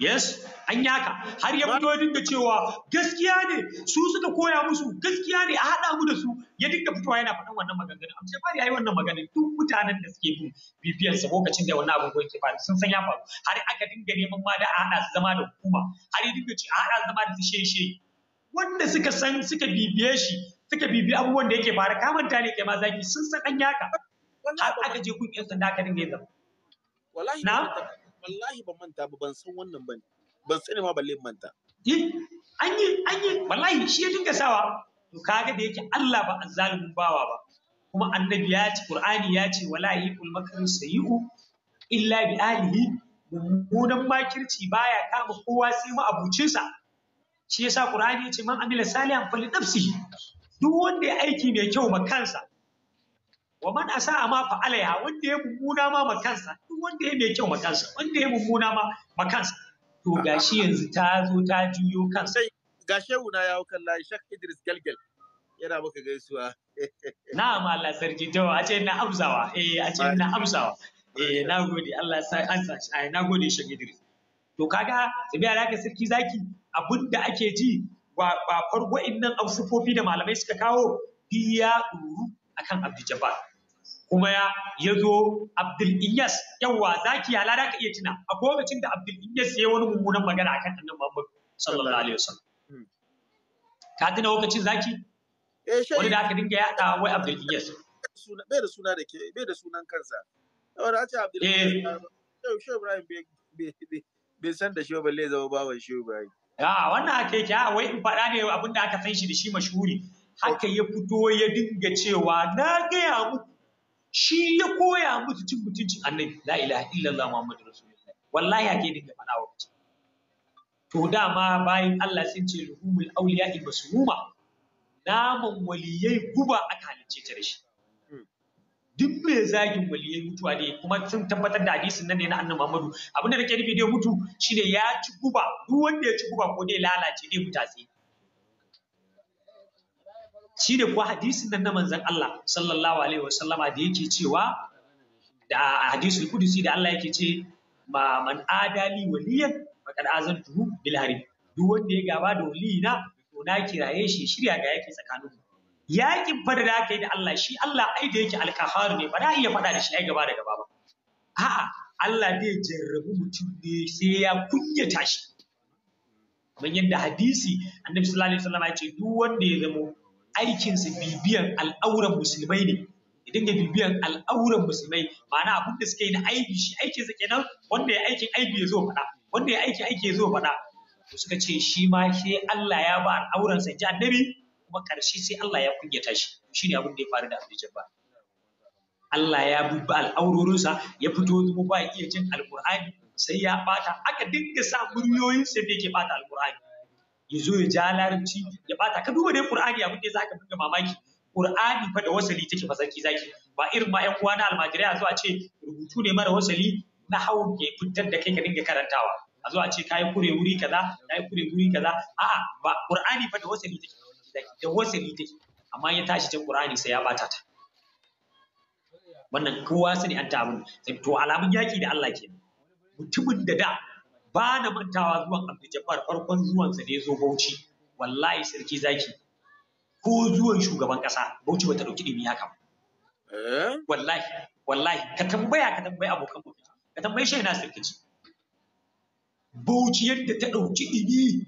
yes an yaka. har ya fito ya dinga cewa gaskiya ne su suka koya musu gaskiya ne a haɗa mu da su ya dinga fitowa yana faɗan wannan maganganun amma bari yayi wannan maganin duk mutanen da suke bin bibiyan sa lokacin da wannan abubuwan ke faru sun san ya faru har aka dinga neman ma da a haɗa su zama da hukuma har ya dinga ce a haɗa su zama da su sheshe wanda suka san suka bibiye shi suka bibiye abubuwan da yake faru kamanta ne kai ma zaki sun san an yaka har aka je kun yan sanda ka dinga yin zama na wallahi ban manta ba ban san wannan bane ban sani ma balle manta an yi an wallahi shi ya dinga sawa to kaga da yake Allah ba azzalimin bawa ba kuma annabi ya ce qur'ani ya ce wala yaqul makru sayyu illa bi alihi mummunan makirci baya kama kowa sai ma abucinsa shi yasa qur'ani ya ce man amila salihan fali nafsihi duk wanda ya aiki mai kyau ma kansa wa man asa'a ma fa alaiha wanda ya mummuna ma makansa duk wanda ya mai kyau makansa wanda ya mummuna ma makansa to gashi yanzu ta zo ta juyo kansa Gashe wuna ya yawo kan shak Idris Galgal yana maka gaisuwa na'am Allah sarki jawa a ce na amsawa eh a ce na amsawa eh na gode Allah ya sa an sa ai na gode shak Idris to kaga tabi alaka sarki zaki abinda ake ji ba farko innan ausufofi da malamai suka kawo biya uru akan Abdul Jabbar kuma ya ya zo Abdul Iyas yawa zaki ya lada ka iya tuna akwai lokacin da Abdul Iyas ya yi wani mummunan magana akan annabi Muhammad sallallahu alaihi wasallam hmm. ka tuna lokacin zaki eh, wani da aka dinga yada wai Abdul Iyas bai da suna da ke bai da sunan kansa saboda a ce Abdul eh. Iyas Shehu Ibrahim bai san da ba balle zama baban shi Ibrahim a wannan ake ki wai in faɗa ne abinda aka san shi da shi mashhuri haka ya fito ya dinga cewa na gaya muku shi ya koya musu cin mutuncin annabi la ilaha illallah muhammadu rasulullah wallahi ake dinga faɗa wa mutum to dama bayan Allah sun ce ruhumul awliya huma naman waliyai guba aka halicce ta da shi duk mai zagin waliyai mutuwa ne kuma sun tabbatar da hadisin nan ne na annabi Muhammadu abinda da nake nufi dai mutu shine ya ci guba duk wanda ya ci guba ko dai lalace dai mutatse shi ne kuwa hadisin nan na manzan Allah sallallahu alaihi wasallama da yake cewa da hadisul kudusi da Allah yake ce ma man adali waliyan faqad azantuhu bil harib duk wanda ya gaba da waliyina to na kiraye shi shirya ga yake tsakanin mu yakin fada da yi da Allah shi Allah ai da yake alkaharu ne ba da iya faɗa da shi ai gaba da gaba ba a'a Allah ya jarrabu mutum ne sai ya kunyata shi kamar yadda hadisi annabi sallallahu alaihi wasallam ya ce duk wanda ya zama. aikinsa bibiyan al'auran musulmai ne ya dinga bibiyan al'auran musulmai ma'ana abin da suka yi na aibi shi aikinsa kenan wanda ya aikin aibi ya zo faɗa wanda ya aiki aiki ya zo faɗa to suka ce shi ma shi Allah ya ba sa ji annabi kuma karshe sai Allah ya ta shi shine abin da ya faru da Abdul Jabbar Allah ya bubba al'aurorinsa ya fito mu ba iya jin alƙur'ani sai ya bata aka dinga sa muryoyinsa da yake bata alƙur'ani ya zo ya ja larabci ya bata ka duba dai qur'ani abin da zaka dinga mamaki qur'ani fa da wasali take fa sarki zaki ba irin ma ƴan uwa na almajirai a zo a ce rubutu ne mara wasali na hawan ke fitar da kai ka dinga karantawa a zo a ce kayi kure wuri kaza kayi kure wuri kaza a'a ba qur'ani fa da wasali take da wasali take amma ya tashi ta qur'ani sai ya bata ta wannan kowa sani an ta abin to alamun yaki da Allah ke mutumin da da ba na mantawa zuwan Abdul Jabbar farkon zuwansa da ya zo Bauchi wallahi sarki zaki ko zuwan shugaban kasa Bauchi bata dauki dimi haka eh? wallahi wallahi ka tambaya ka tambayi abokan mu ka tambayi shehu Nasir ci. Bauchi yadda ta dauki dimi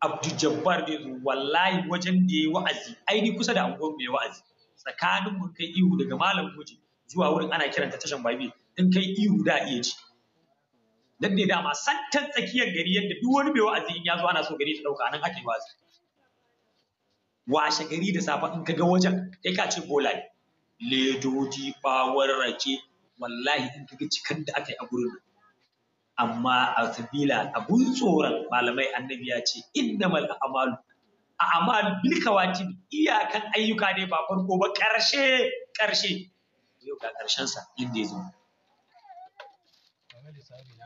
Abdul Jabbar ne zo wallahi wajen da yayi wa'azi ai ni kusa da angon mai wa'azi tsakanin mun kai ihu daga malam goje zuwa wurin ana kiranta tashan babi in kai ihu da iya ci dan dama santan tsakiyar gari yadda duk wani mai wa'azi in ya zo ana so gari ta dauka nan ake wa'azi washe gari da safe in ka ga wajen kai ka ce bola ne ledoji bawar rake wallahi in ka ga cikar da aka yi a gurin nan amma a sabila abun tsoron malamai annabi ya ce innamal a'malu a amal bil kawatib iyakan ayyuka ne ba farko ba karshe karshe yau ga karshen sa inda ya zo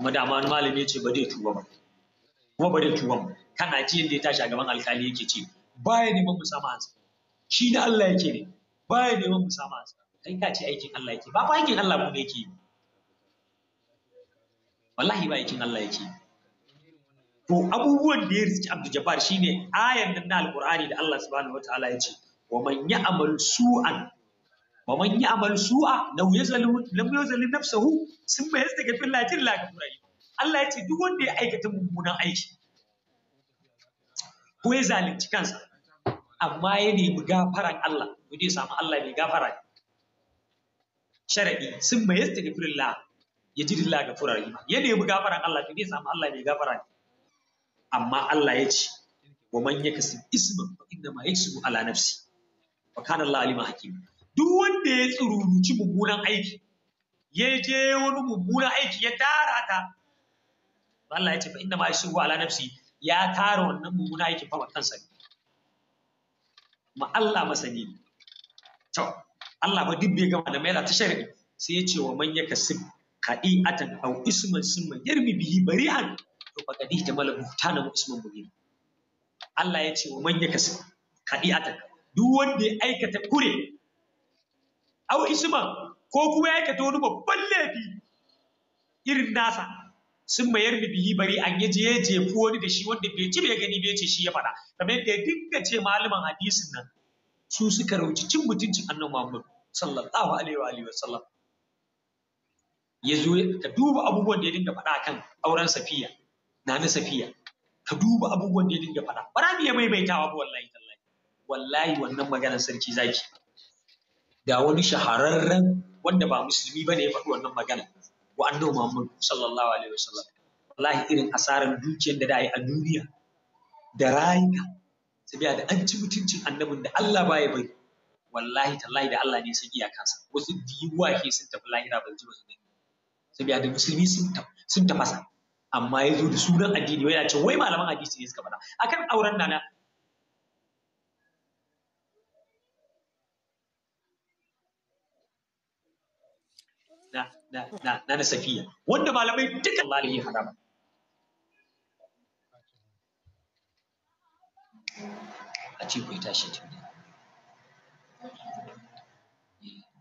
kuma dama wani malami ya ce ba zai tuba ba kuma ba zai tuba ba kana ji yadda ya tashi a gaban alkali yake ce baya neman mu samu hansa shi da Allah yake ne baya neman mu samu hansa kai ka ce aikin Allah yake ba fa aikin Allah mu yake yi wallahi ba aikin Allah yake to abubuwan da ya riski Abdul Jabbar shine ayan nan na Alqur'ani da Allah subhanahu wataala ya ce wa man ya'mal su'an wa man ya'mal su'a lam yazlim lam yazlim nafsuhu summa yastaghfir la jalla ghafurani Allah ya ce duk wanda ya aikata mummunan aiki ko ya zalunci kansa amma ya nemi gafaran Allah to zai samu Allah mai gafara sharadi summa yastaghfir la yajidillah ghafurani ya nemi gafaran Allah to zai samu Allah mai gafara amma Allah ya ce wa man yakasib isman fa inna ma yaksubu ala nafsi wa kana Allah alima hakim duk wanda ya tsururuci mummunan aiki ya je wani mummunan aiki ya tara ta Allah ya ce fa inna ma shi ala nafsi ya tara wannan mummunan aiki fa wannan sani. ma Allah masani ne to Allah ba duk bai gama da mai ta shari'a sai ya ce wa man yakasib qadi'atan aw isman summa yarmi bihi bari'an to fa kadi ta mala ta mu isman mubin Allah ya ce wa man yakasib atan, duk wanda ya aikata kure au isma ko kuma ya aikata wani babban laifi irin nasa sun mayar da biyi bari an yaje ya jefu wani da shi wanda bai ci bai gani bai ce shi ya faɗa kamar yadda ya dinga ce malaman hadisin nan su suka rauci cin mutuncin annan Muhammad sallallahu alaihi wa alihi wasallam ya zo ka duba abubuwan da ya dinga faɗa kan auren Safiya na na Safiya ka duba abubuwan da ya dinga faɗa bara mu ya maimaitawa ba wallahi tallahi wallahi wannan maganar sarki zaki ga wani shahararren wanda ba musulmi ba ne ya faɗi wannan magana wa annabi Muhammad sallallahu alaihi wasallam wallahi irin asaran dukiyar da da a duniya da rayuka sabiya da an ci mutuncin annabin da Allah ba ya bai wallahi tallahi da Allah ne ya san iyakansa wasu diwa ke sun tafi lahira ban ji ba su gani sabiya da musulmi sun sun tafasa amma ya zo da sunan addini ya ce wai malaman hadisi ne suka faɗa akan auren nana na na na na safiya wanda malamai duka lalihi harama a ce ku tashi tuni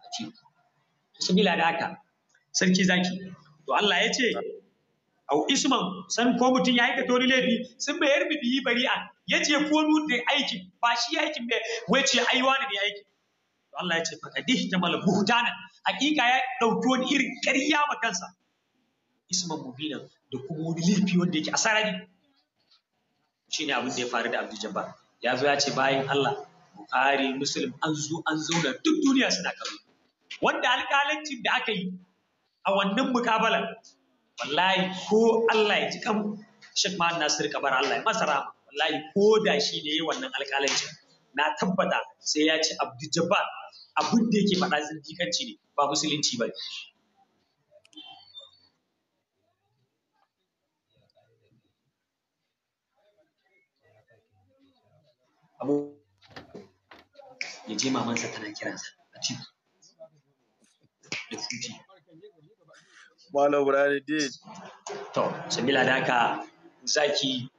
a ce ku bila da haka sarki zaki to Allah ya ce au isman san ko mutum ya aikata wani laifi sun bai bibiyi biyi bari'a ya ce ko nuna aikin ba shi aikin bai wai ce aiwa ne aikin Allah ya ce fakadih tamal buhtana hakika ya dauki wani irin ƙarya ma kansa isman mubina da kuma wani laifi wanda yake asara ne shine abin da ya faru da Abdul Jabbar ya zo ya ce bayan Allah Bukhari Muslim an zo an zauna duk duniya suna kallo wanda alƙalancin da aka yi a wannan mukabalan wallahi ko Allah ya ji kan Sheikh Muhammad Nasir Kabar Allah ya masa wallahi ko da shi ne wannan alƙalancin na tabbata sai ya ce Abdul abin da yake faɗa zindikanci ne ba musulunci ba ya je mamansa tana kiransa a ciki da fuji Malam Burhani Din. To, sabila da haka zaki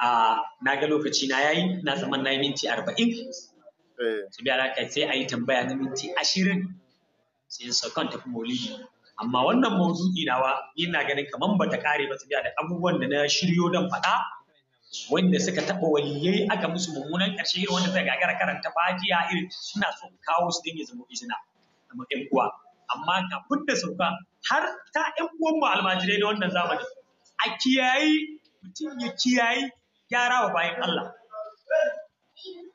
a na ga lokaci na yayi na zaman na yi minti arba'in Eh. su da sai a yi tambaya na minti ashirin sai su kan tafi maulidi amma wannan mawzu'i nawa ina ganin kamar bata kare ba su da abubuwan da na shiryo dan faɗa wanda suka taɓa waliyai aka musu mummunan ƙarshe irin wanda suka gagara karanta fajiya irin suna so kawo su dinga zama izina kamar ƴan uwa amma kafin da sauka har ta ƴan uwan mu almajirai na wannan zamani a kiyayi mutum ya kiyayi gyara wa bayan Allah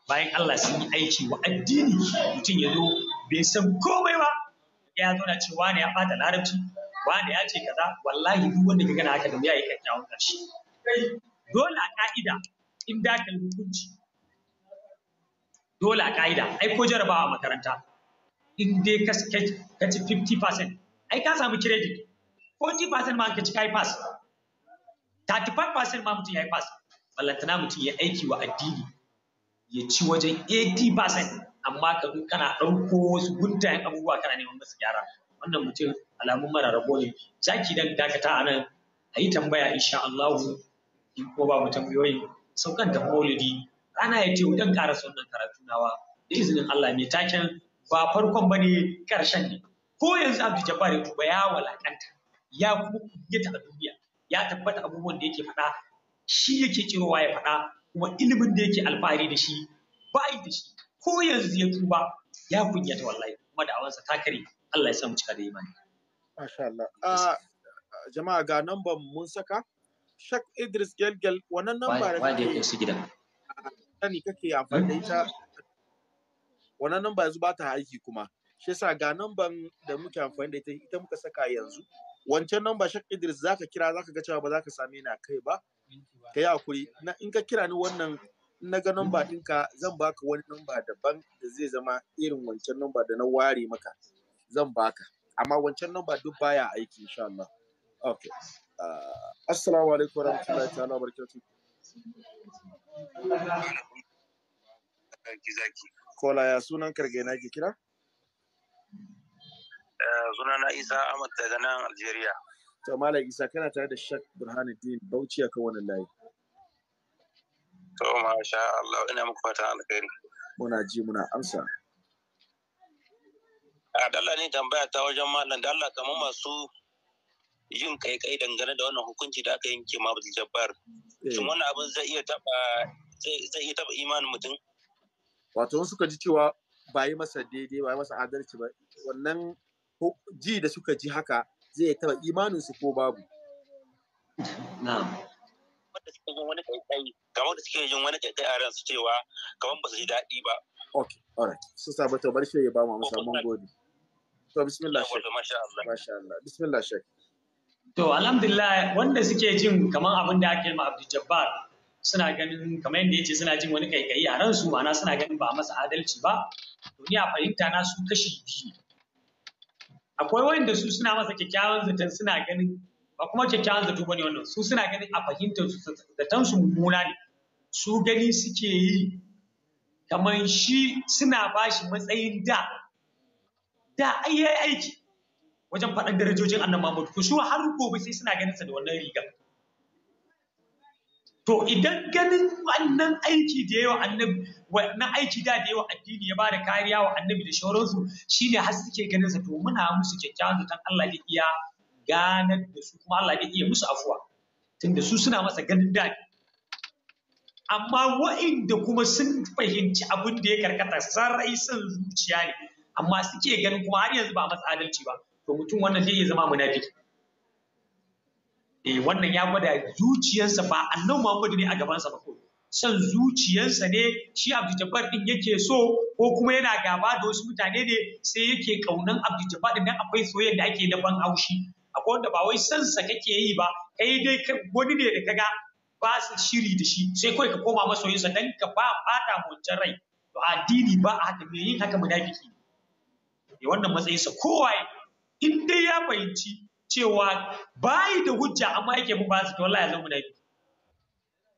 bayan Allah sun yi aiki wa addini mutum ya zo bai san komai ba ya zo na ce wani ya bata larabci wani ya ce kaza wallahi duk wanda ka gana haka da ya yi kyakkyawan karshe dole a ka'ida in da ka hukunci dole a ka'ida ai ko jarabawa a makaranta in dai ka ci 50% ai ka samu credit 40% ma ka ci kai pass 35% ma mutum ya yi pass ballantana mutum ya aiki wa addini ya ci wajen 80% amma ka kana ɗauko wasu guntayen abubuwa kana neman masa gyara wannan mutum alamun mara rabo ne zaki dan dakata a nan a yi tambaya insha Allah in ko mutum yoyi saukan da maulidi rana ya ce wajen ƙara sunan karatu nawa da izinin Allah mai taken ba farkon ba ne karshen ne ko yanzu Abdu Jabbar ya tuba ya walakanta ya kuma kunyata a duniya ya tabbata abubuwan da yake faɗa shi yake cewa ya faɗa kuma ilimin da yake alfahari da shi bayi da shi ko yanzu ya tuba ya kunyata wallahi kuma da awansa ta kare Allah ya samu cika da imani masha Allah ah, jama'a ga number mun saka Shak Idris Gelgel wannan number da kake su gidan sani kake amfani da ita wannan number yanzu ba ta aiki kuma shi yasa ga number da muke amfani da ita ita muka saka yanzu wancan nan ba shak idris zaka kira zaka ga cewa ba zaka same ni a kai ba ka yi hakuri na in ka kira ni wannan na ga namba ɗinka zan baka wani namba daban da zai zama irin wancan namba da na ware maka zan baka amma wancan namba duk baya aiki insha Allah okay uh, assalamu alaikum warahmatullahi ta'ala barakatuh Kola ya sunan karge na ke kira? Eh, sunana isa ahmad daga nan algeria to malam isa kana tare da shak burhanuddin bauchi a kan wannan layi to masha allah ina muku fatan alkhairi muna ji muna amsa a dalla ne tambaya ta wajen malam da allah kamar masu yin kai-kai dangane da wannan hukunci da aka yanke ma abdul jabbar eh. shin wannan abin zai iya taba zai iya taba imanin mutum wato wasu suka ji cewa ba yi masa daidai ba yi masa adalci ba wannan ko ji da suka ji haka zai taɓa imaninsu ko babu. Wanda suke yin wani kaikai, kamar da suke yin wani kaikai a ransu cewa kamar ba su ji daɗi ba. Ok, alright. sun sabo to shi ya ba mu amsa mun gode. To bismillah shek. Masha Allah. Bismillah shek. To alhamdulillah wanda suke jin kamar abin da ake ma Abdul Jabbar suna ganin kamar yadda yace suna jin wani kaikayi a ransu ma'ana suna ganin ba masa adalci ba. To ni a fahimta na su kashi biyu akwai wanda su suna masa kyakkyawan zaton suna ganin ba kuma kyakkyawan zato bane wannan su suna ganin a fahimtar su zaton su mummuna ne su gani suke yi kamar shi suna bashi matsayin da da ai yayi aiki wajen faɗan darajojin annabawa Muhammadu shi har gobe sai suna ganin sa da wannan rigar To idan ganin wannan aiki da yawa annabi wannan aiki da da yawa addini ya bada kariya wa annabi da shauransu shine har suke ganin sa to muna musu kyakkyawan zaton Allah ne iya ganar da su kuma Allah ne iya musu afuwa tunda su suna masa ganin dadi amma wa'inda kuma sun fahimci abin da ya karkata sarai son zuciya ne amma suke ganin kuma har yanzu ba masa adalci ba to mutum wannan zai iya zama munafiki eh wannan ya gwada zuciyarsa ba annabi Muhammadu ne a gabansa ba ko son zuciyarsa ne shi Abdul Jabbar din yake so ko kuma yana gaba da wasu mutane ne sai yake kaunan Abdul Jabbar din akwai soyayya da ake daban haushi akwai wanda ba wai san sa kake yi ba kai dai wani ne da kaga ba su shiri da shi sai kawai ka koma masoyinsa dan ka ba fata wancan rai to addini ba a haka yin haka munafiki ne eh, wannan matsayinsa kowa in dai ya fahimci cewa bayi da hujja amma yake bin bayansa to wallahi ya zama munafiki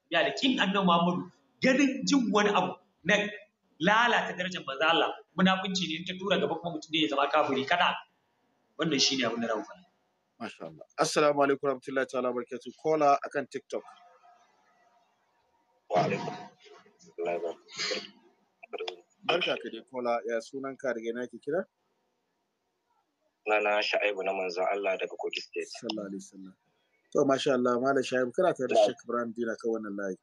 ya da kin annabi Muhammadu ganin jin wani abu na lalata darajar manzo Allah munafunci ne ta tura gaba kuma mutum ne ya zama kafiri kada wannan shine abin da rawa Masha Allah. Assalamu alaikum warahmatullahi ta'ala barakatuh. Kola akan TikTok. Wa alaikum. Barka ka dai Kola ya sunan ka daga ina ke kira? na na sha'ibu na manzan Allah daga Kogi State. Sallallahu alaihi wasallam. To masha Allah Malam Sha'ibu kana tare da Sheikh Ibrahim Dina kan wannan layi.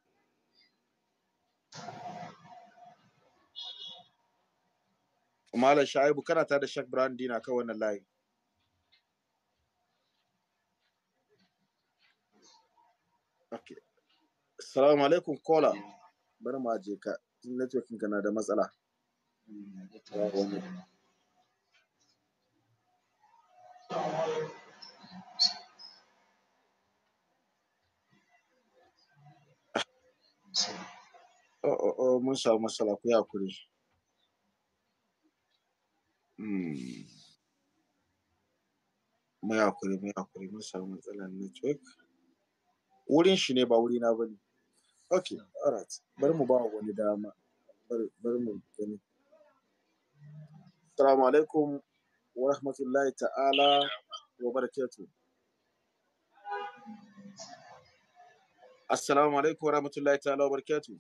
Malam Sha'ibu kana tare da Sheikh Ibrahim Dina kan wannan layi. Okay. Assalamu alaikum kola. Bari ma je ka. Networking ka na da matsala. Oh, oh, oh, mun samu matsala ku yi hmm. mun samu na network. Wurin shi ne ba wuri na bane. Ok, alright. Bari mu ba wa wani dama. Bari mu gani. alaikum. wa rahmatullahi ta'ala wa barakatuh assalamu alaikum wa rahmatullahi ta'ala wa barakatuh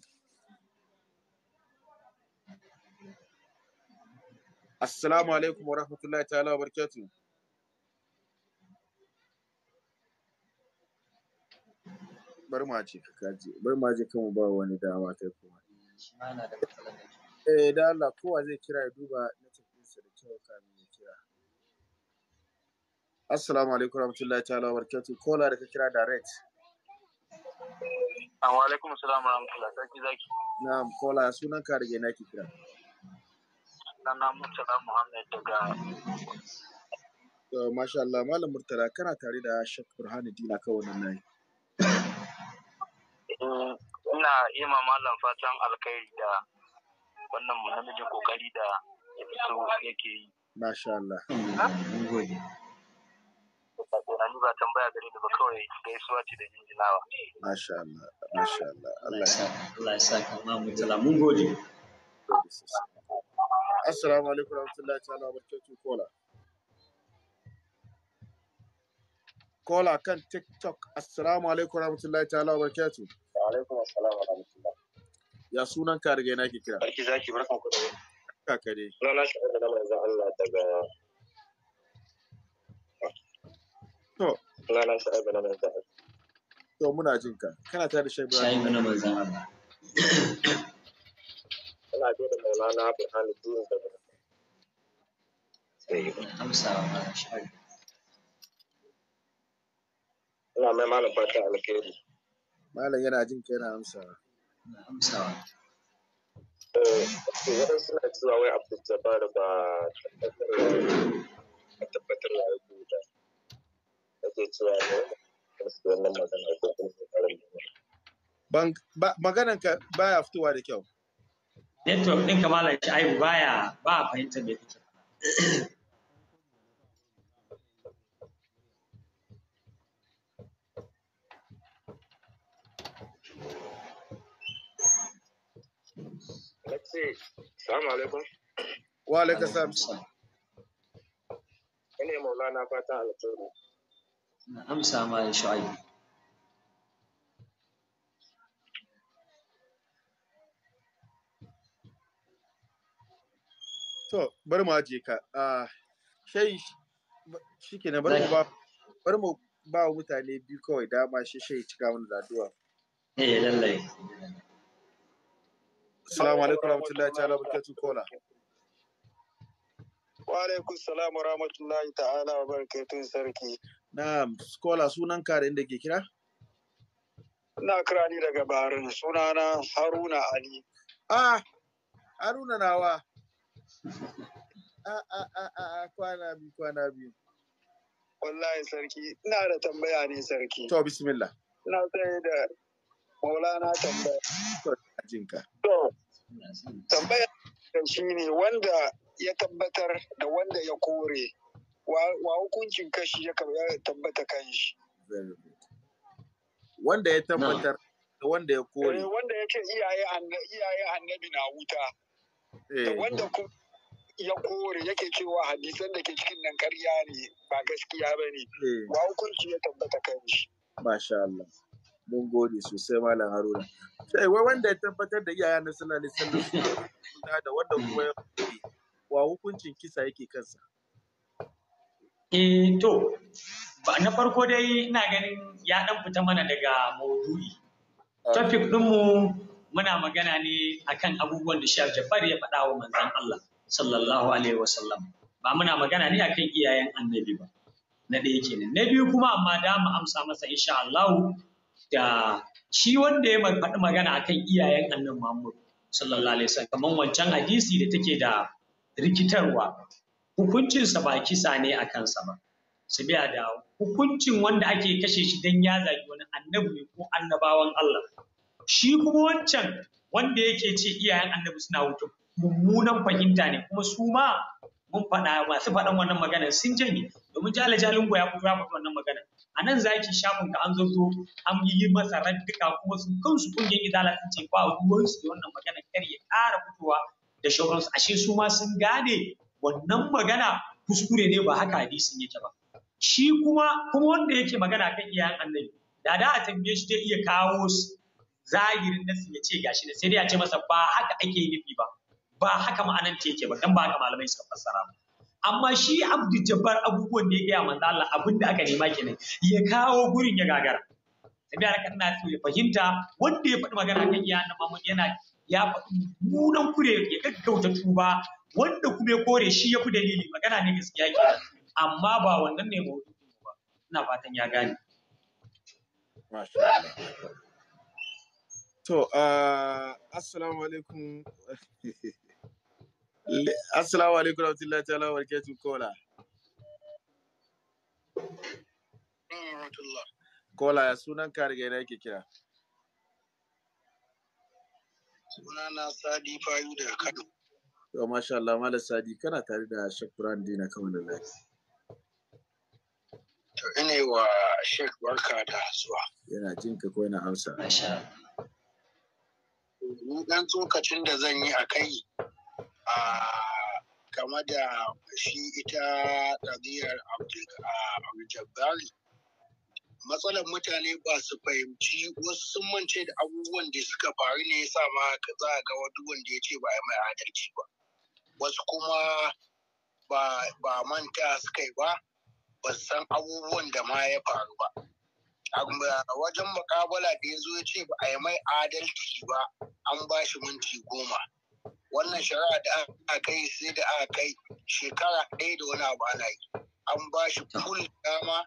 assalamu alaikum wa rahmatullahi ta'ala wa barakatuh bari ma ce kaji bari ma je kan ba wani dama kai kuma eh da Allah kowa zai kira ya duba na tafiya da kyau kamin Assalamu alaikum rahmatullahi ta'ala wabarakatuh. Kola da ka kira direct. Assalamu alaikum assalamu warahmatullahi sarki zaki. Na'am kola sunan ka rage ki kira. Sana Murtala Muhammad daga To masha Allah Malam Murtala kana tare da Sheikh Burhanuddin aka wannan nayi. Eh, ina yi ma malam fatan alkhairi da wannan namijin kokari da ya yake yi. Masha Allah. Mun gode. ba ba tambaya gare ni ba kawai da jinjinawa. Masha Allah, masha Allah, Allah ya sa kama mutala, mun gode. Assalamu alaikum barkatu kola. Kola kan TikTok. Assalamu alaikum warahmatullahi ta'ala barkatu. Wa alaikum Ya sunan ka riga na ke kira. Barki zaki barkan ku da. Kaka dai. shi da Allah daga To. Sunana na manzan Allah. To muna jin ka. Kana tare da Sha'ibu na manzan Allah. Ina tare da Maulana Ina mai malam fata alkhairi. Malam yana jin ka yana amsawa. Amsawa. Eh, cewa wai Abdul Jabbar ba tabbatar da nake cewa maganan ka baya fitowa da kyau network din ka malam baya ba fahimta me kake alaikum. Wa alaikum Ina maulana fatan na amsa ma ya shu'aib To, bari mu aje ka. Ah, shai shi ke bari bari mu ba wa mutane biyu kawai dama shi shai cika mana da addu'a. Eh lallai. Assalamu alaikum warahmatullahi ta'ala barakatuh kola. Wa alaikum salam warahmatullahi ta'ala wa barakatuh sarki. na scholar sunan ka da inda ke kira ina kira ni daga barin na haruna ali ah haruna nawa ah, ah ah ah ah kwana biyu kwana biyu wallahi sarki ina da tambaya ne sarki to bismillah ina sai da maulana tambaya jinka to tambaya shi ne wanda ya tabbatar da wanda ya kore wa hukuncin kashi ya tabbata kan shi wanda ya tabbatar da wanda ya kore eh, wanda ya ce iyaye annabi na wuta da eh. wanda ya kore yake cewa hadisan da ke cikin nan karya ne ba gaskiya ba ne eh. wa hukunci ya tabbata kan shi masha Allah mun gode sosai malam haruna sai wanda ya tabbatar da iyaye annabi sallallahu alaihi wasallam da wanda kuma ya wa hukuncin kisa yake kansa Eh to, na farko dai ina ganin ya ɗan fita mana daga maudu'i. Ah. Topic ɗinmu muna magana ne akan abubuwan da Sheikh Jafar ya faɗa wa manzon Allah sallallahu alaihi wasallam. Ba muna magana ne akan iyayen annabi ba. Na ɗaya kenan. Na biyu kuma amma da mu amsa masa insha da shi wanda ya faɗi magana akan iyayen annabi Muhammad sallallahu alaihi wasallam wancan hadisi da take da rikitarwa hukuncinsa ba kisa ne a kansa ba su biya da hukuncin wanda ake kashe shi don ya zagi wani annabi ko annabawan Allah shi kuma wancan wanda yake ce iyayen annabi suna wuta mummunan fahimta ne kuma su ma mun faɗa masu faɗan wannan magana sun janye domin jala jalin ya ku ya wannan magana a nan zaki shafin ka an zo an yi masa raddika kuma su kansu kungiyar izala sun ce ba ruwansu da wannan magana kar ya ƙara fitowa da shauransu ashe su ma sun gane wannan magana kuskure ne ba haka hadisin yake ba shi kuma kuma wanda yake magana kan iyayen annabi da da a tambaye shi zai iya kawo zahirin nasu ya ce gashi ne sai dai a ce masa ba haka ake nufi ba ba haka ma'anan ce yake ba dan ba haka malamai suka fassara ba amma shi abdu Jabbar abubuwan da ya gaya manzo Allah abin da aka nema kenan ya kawo gurin ya gagara tabi har kan so ya fahimta wanda ya faɗi magana kan iyayen annabi yana ya faɗi nunan kure ya gaggauta tuba wanda kuma ya kore shi ya fi dalili magana ne gaskiya ke amma ba wannan ne ba ina fatan ya gane to ah, assalamu alaikum (laughs) assalamu alaikum rahmatullahi ta'ala wa barakatuh kola kola ya sunan ka riga yake kira sunana sadi fayu daga kano Yau masha Allah Malam Sadi kana tare da Sheikh Quran Dina kawai da To ina wa Sheikh barka da zuwa. Yana jin ka ko yana Allah. Ni dan tsokacin da zan yi a kai a game da shi ita ɗadiyar Abdul matsalar mutane ba su fahimci wasu sun mance da abubuwan da suka faru ne ya sa ma za ga wani wanda ya ce ba a mai adalci ba. wasu kuma ba manta suka yi ba ba san abubuwan da ma ya faru ba wajen mak'abala da ya zo ya ce ba a yi mai adalci ba an ba shi minti goma wannan shari'a da aka kai sai da aka kai shekara ɗaya da wani abu ana yi an ba shi kul dama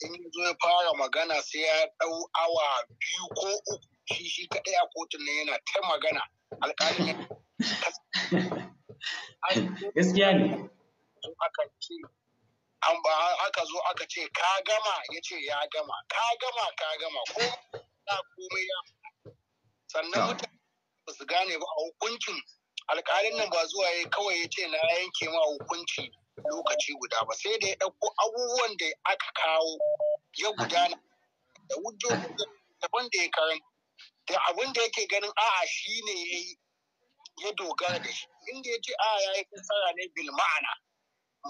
in zo ya fara magana sai ya ɗau awa biyu ko uku shi shi kaɗai a kotun nan yana ta magana alƙalin (laughs) gaskiya ne ce an ba aka zo aka ce ka gama ya ce ya gama ka gama ka gama ko na komai ya sannan mutane ba su gane ba a hukuncin alƙalin nan ba zuwa ya kawai ya ce na yanke ma hukunci lokaci guda ba sai da ya ɗauko abubuwan da aka kawo ya gudana da wujjo daban da ya karanta da abin da yake ganin a'a shi ne ya yi ya dogara da shi inda ya ce a ya yi nasara ne bil ma'ana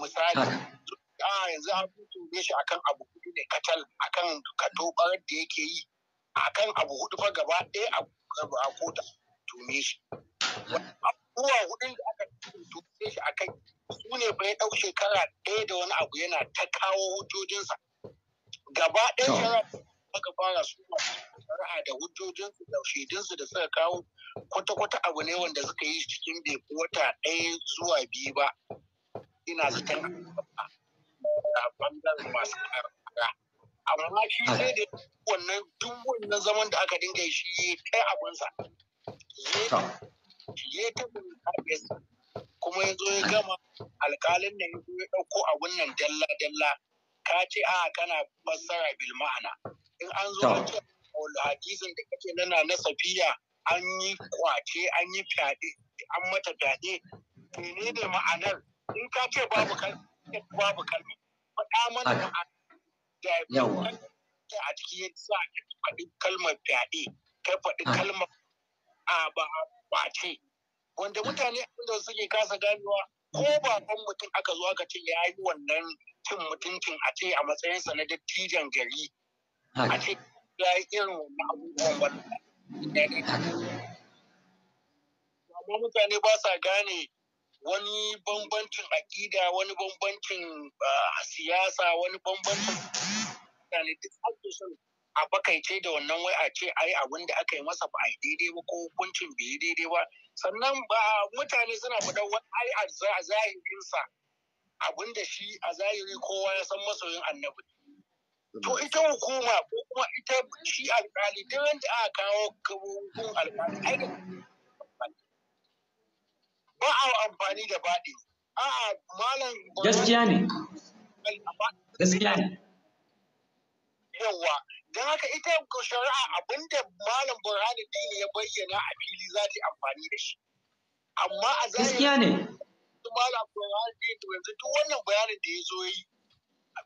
misali a yanzu an tuntube shi akan abu hudu ne katal akan katobar da yake yi akan abu hudu fa gaba ɗaya a kota tume shi abubuwa hudun da aka tuntube shi kai su ne bai ɗau shekara ɗaya da wani abu yana ta kawo hujjojinsa gaba ɗaya shara aka fara su shari'a da hujjojinsu da shaidunsu da suka kawo kwata-kwata abu ne wanda suka yi cikin bai wata ɗaya zuwa biyu ba ina zaton a bangaren masu karkara amma shi sai da wannan duk wannan zaman da aka dinga shi ya kai abinsa ya ta bunƙasa kuma ya zo ya gama alƙalin nan ya zo ya ɗauko abin nan dalla-dalla ka ce a kana fassara bil ma'ana in an zo hadisin da ce nana na safiya an yi kwace an yi fyaɗe an mata fyaɗe mene ne ma'anar in ka ce babu kalmi babu kalmi faɗa mana ma'anar da a ciki ya a ka faɗi kalmar fyaɗe kai faɗi kalmar a ba kwace wanda mutane da suke kasa ganewa ko baban mutum aka zo aka ce ya yi wannan cin mutuncin a ce a matsayinsa na dattijan gari a ce ya yi irin wannan abubuwan wannan Amma mutane ba sa gane wani bambancin aƙida, wani bambancin ah, siyasa, wani bambancin mutane duk son a bakaice da wannan wai a ce ai abin da aka yi masa ba a daidai ba ko hukuncin bai daidai ba sannan mutane suna faɗa wani ai a zahirinsa abin da shi a zahiri kowa ya san masoyin annabi to ita hukuma ko kuma ita shi alkali duk wanda aka kawo hukun alkali ba a amfani da baɗi a'a malam gaskiya ne gaskiya ne Yawwa don haka ita shari'a abinda malam burhani dini ya bayyana a fili za ta amfani da shi amma a zahiri gaskiya ne malam burhani dini yanzu duk wannan bayanin da ya zo yi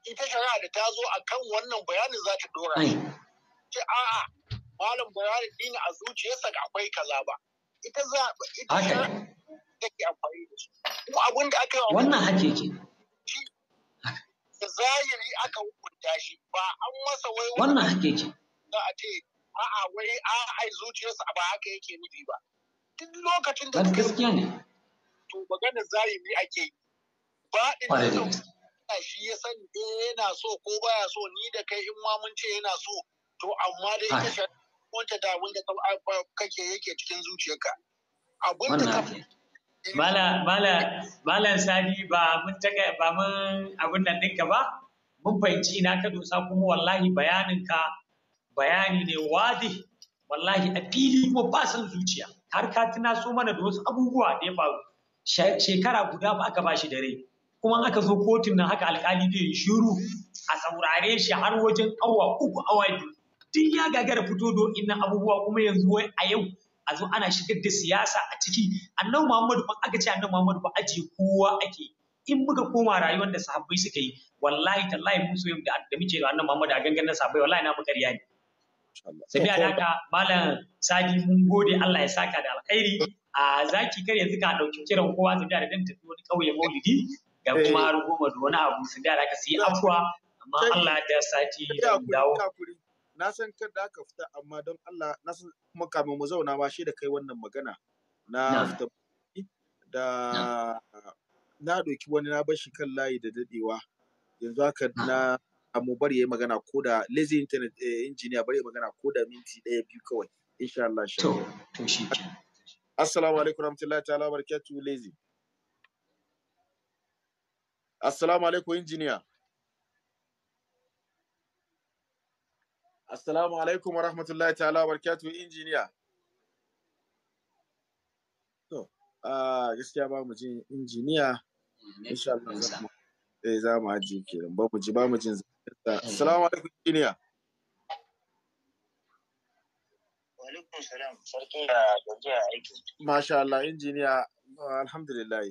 ita shari'a da ta zo a kan wannan bayanin za ta dora hmm. ce a'a malam bayanin dini a zuciyarsa ga akwai kaza ba ita za ita ke amfani da shi kuma abin da aka yi wannan hake da zahiri aka hukunta shi ba an masa wai wannan hakiki za a ce a'a wai a'a zuciyarsa ba haka yake nufi ba duk lokacin da gaskiya ne to magana zahiri ake yi ba ɗin Allah shi ya san eh, yana so ko baya so ni da kai in ma mun ce yana so to amma dai ita shari'a wanda da wanda kake yake cikin zuciyarka abin da eh, Mala eh, mala malam Sadi ba mun taka ba mun abin nan dinka ba mun fahimci na ka dosa kuma wallahi bayanin ka bayani ne wadi wallahi a fili kuma ba san zuciya har ka tuna so mana da wasu abubuwa da ya faru shekara guda ba aka bashi da rai kuma aka zo kotun nan haka alkali zai yi shiru a saurare shi har wajen awa uku awa biyu tun ya gagara fito do innan abubuwa kuma yanzu wai a yau a zo ana shigar da siyasa a ciki annabi Muhammadu ba aka ce annabi Muhammadu ba aje kowa ake in muka koma rayuwar da sahabbai suka yi wallahi tallahi mun so da muke da annabi Muhammadu a gangan sahabbai wallahi na mu ƙarya ne sabiya da haka malam sadi mun gode Allah ya saka da alkhairi a zaki kar yanzu ka dauki kiran kowa tafiya da dan tafi wani kauye maulidi ga kuma har goma da wani abu su da ka su afuwa amma Allah da sati dawo na san kar da aka fita amma don Allah na san kuma kamin mu zauna ma shi da kai wannan magana na fita da na ɗauki wani na bar shi kan layi da dadewa yanzu haka na mu bari yayi magana ko da lazy internet eh, engineer bari yayi magana ko da minti ɗaya biyu kawai insha Allah shi to to shi assalamu alaikum warahmatullahi ta'ala barakatuh lazy Assalamu alaikum injiniya. Assalamu alaikum wa rahmatullahi ta'ala wa barakatuhu injiniya. To, gaskiya ba mu jin injiniya. Insha Allah eh za mu ajiye kenan ba mu ji ba mu jin Assalamu alaikum injiniya. Masha Allah injiniya alhamdulillah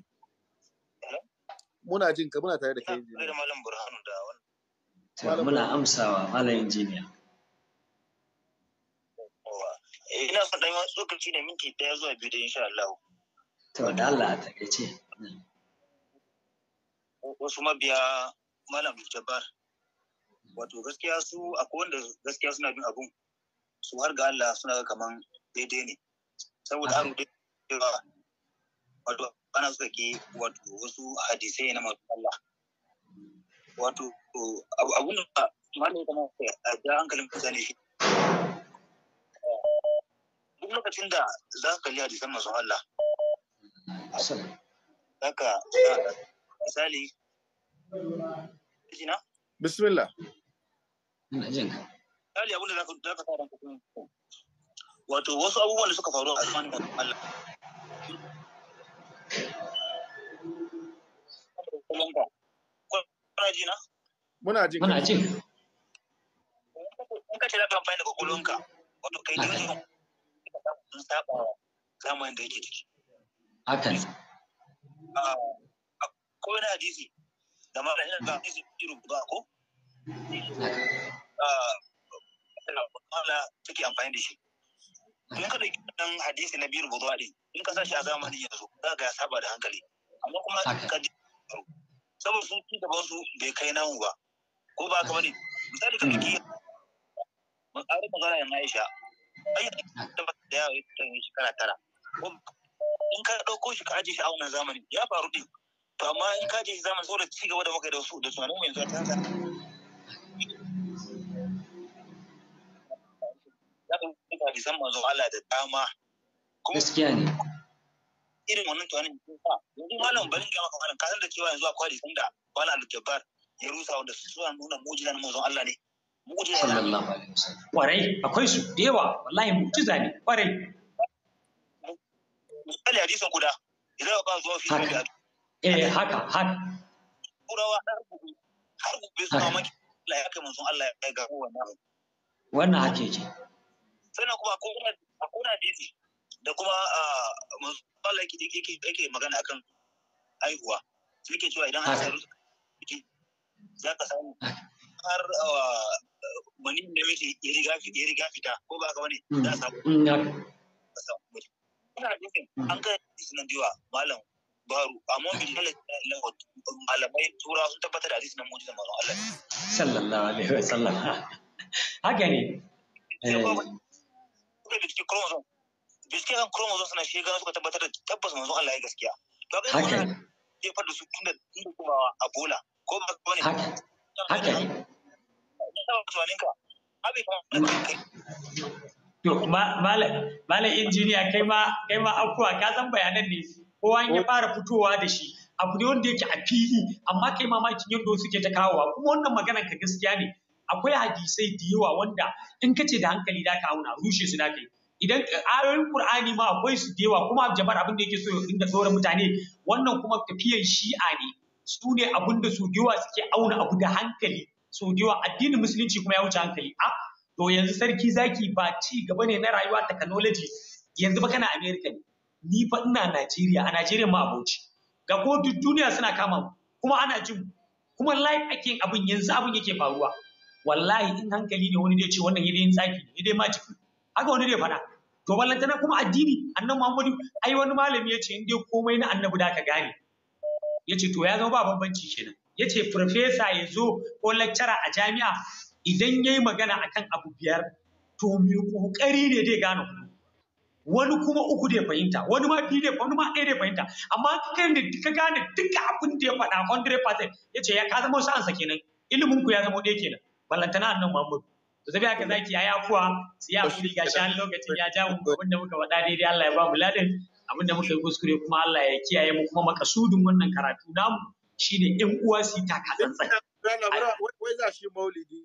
muna jin ka muna tare da kai injiniya malam burhanu da wannan muna amsawa malam injiniya eh, ina dan yawan tsokaci da minti ɗaya zuwa biyu da insha Allah to da Allah a takaice mm. wasu mabiya malam Jabbar wato gaskiya su akwai wanda gaskiya suna bin abun su har ga Allah suna ga kaman daidai ne saboda an cewa wato ana so ke wato wasu hadisai na masu Allah wato abun da malam ya kamata a ja hankalin mutane shi duk lokacin da za ka kalli hadisan masu Allah haka misali jina bismillah ina jin ka misali abun da za ka za ka wato wasu abubuwan da suka faru a zamanin Allah Kuna ji na? Muna Muna ce amfani da kwakwalwanka, wato kai ne sun saba zamanin da yake ciki. Hakan. Ah, akwai wani hadisi da da hadisi irin ko? Ah, take amfani da shi. in ka dauki dan hadisi na biyu budwadi in ka sa shi a zamanin yanzu za ga ya saba da hankali amma kuma ka ji saboda sun ci gaban su bai kai namu ba ko ba ka bane misali ka dauki mun ƙara magana yana Aisha ai da ba da yawa ita yi shekara tara in ka dauko shi ka aje shi a wannan zamanin ya faru din to amma in ka aje shi zamanin saboda ci gaba da muka da su da tunanin mu yanzu ta san manzon Allah da dama gaskiya ne irin wannan tunanin sun sa yanzu malam bari ga maka malam ka san da cewa yanzu akwai hadisan da malam al-jabbar ya rusa wanda su suna nuna mu'jizan manzon Allah ne mu'jizan sallallahu alaihi wasallam kwarai akwai su da yawa wallahi mu'jiza ne kwarai misali hadisin guda idan ka zo fi da eh haka haka kurawa har gobe har gobe suna maki Allah ya kai manzon Allah ya ga wannan wannan hake ce sannan kuma a kuna bizi da kuma ah, matsala yake magana akan haihuwa ke cewa idan hasar samu za ka samu har mani da mace ya riga fita ko ba ka wani mm. za a samu mm, an kai hadisi nan diwa malam baru amma mm. malamai tura sun tabbatar da hadisi na da manzon Allah sallallahu alaihi wasallam (laughs) haka ne kuskure da cikin chromosome bincike kan chromosome suna shiga na suka tabbatar da tabbas manzon Allah ya gaskiya to ga ne ke fada su tunda da kuma a bola ko ba ko ne haka haka ne tunaninka abin kai To, malam injiniya kai ma kai ma afuwa ka san bayanan ne kowa ya oh. fara fitowa da shi abu ne wanda yake a fili amma kai mamakin yadda suke ta kawowa kuma wannan magana ka gaskiya ne akwai hadisai da yawa wanda in ka ce da hankali za ka auna rushe su da kai idan eh, ayoyin qur'ani ma akwai su da yawa kuma jama'ar abin da yake so inda sauran mutane wannan kuma tafiyan shi'a ne su ne abin da su da suke auna abu da hankali su da addinin musulunci kuma ya wuce hankali a to yanzu sarki zaki ba ci gaba ne na rayuwa technology yanzu ba kana america ne ni fa ina najeriya a najeriya ma abuci ga ko duniya suna kama kuma ana jin kuma life ake abin yanzu abin yake faruwa wallahi in hankali ne wani zai ce wannan yayin tsaki ne dai ma ciki haka wani zai faɗa to ballantana kuma addini annabi Muhammadu ai wani malami ya ce in dai komai na annabi da ka gane ya ce to ya zama ba bambanci kenan ya ce farfesa ya zo ko lecturer a jami'a idan ya yi magana akan abu biyar to mai kokari ne dai gano wani kuma uku da fahimta wani ma biyu da wani ma ɗaya da fahimta amma kai ne ka gane duka abin da ya faɗa 100% ya ce ya ka zama wasu ansa kenan ilimin ku ya zama ɗaya kenan ballantana annan Muhammadu to tafi haka zaki yayi afuwa su ya hakuri ga shan lokacin ya ja mu abin da muka faɗa daidai Allah ya ba mu ladan abin muka yi kuskure kuma Allah ya kiyaye mu kuma makasudin wannan karatu namu shine in uwa su yi takatsantsan wai za shi maulidi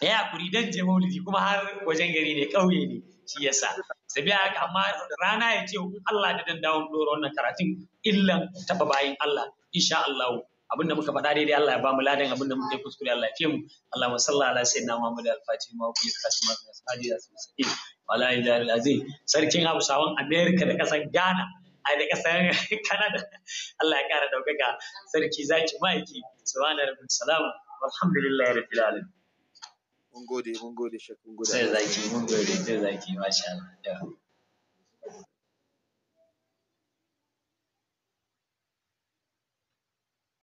ya hakuri dan je maulidi kuma har wajen gari ne ƙauye ne shi yasa sabi haka amma rana ya ce Allah da dan dawo wannan karatun illan taba bayin Allah insha Allah abin da muka faɗa daidai Allah ya ba mu ladan abin da muka yi kuskure Allah ya fi mu Allahumma salli ala sayyidina Muhammad al-Fatih ma kulli kasimar da sadi da sosai wa la al illa azim sarkin Hausawan America da kasar Ghana a da kasar Canada Allah ya kara daukaka sarki zaki maiki subhana rabbil salam walhamdulillahi rabbil alamin mun gode mun gode shakun gode sai zaki mun gode sai zaki masha Allah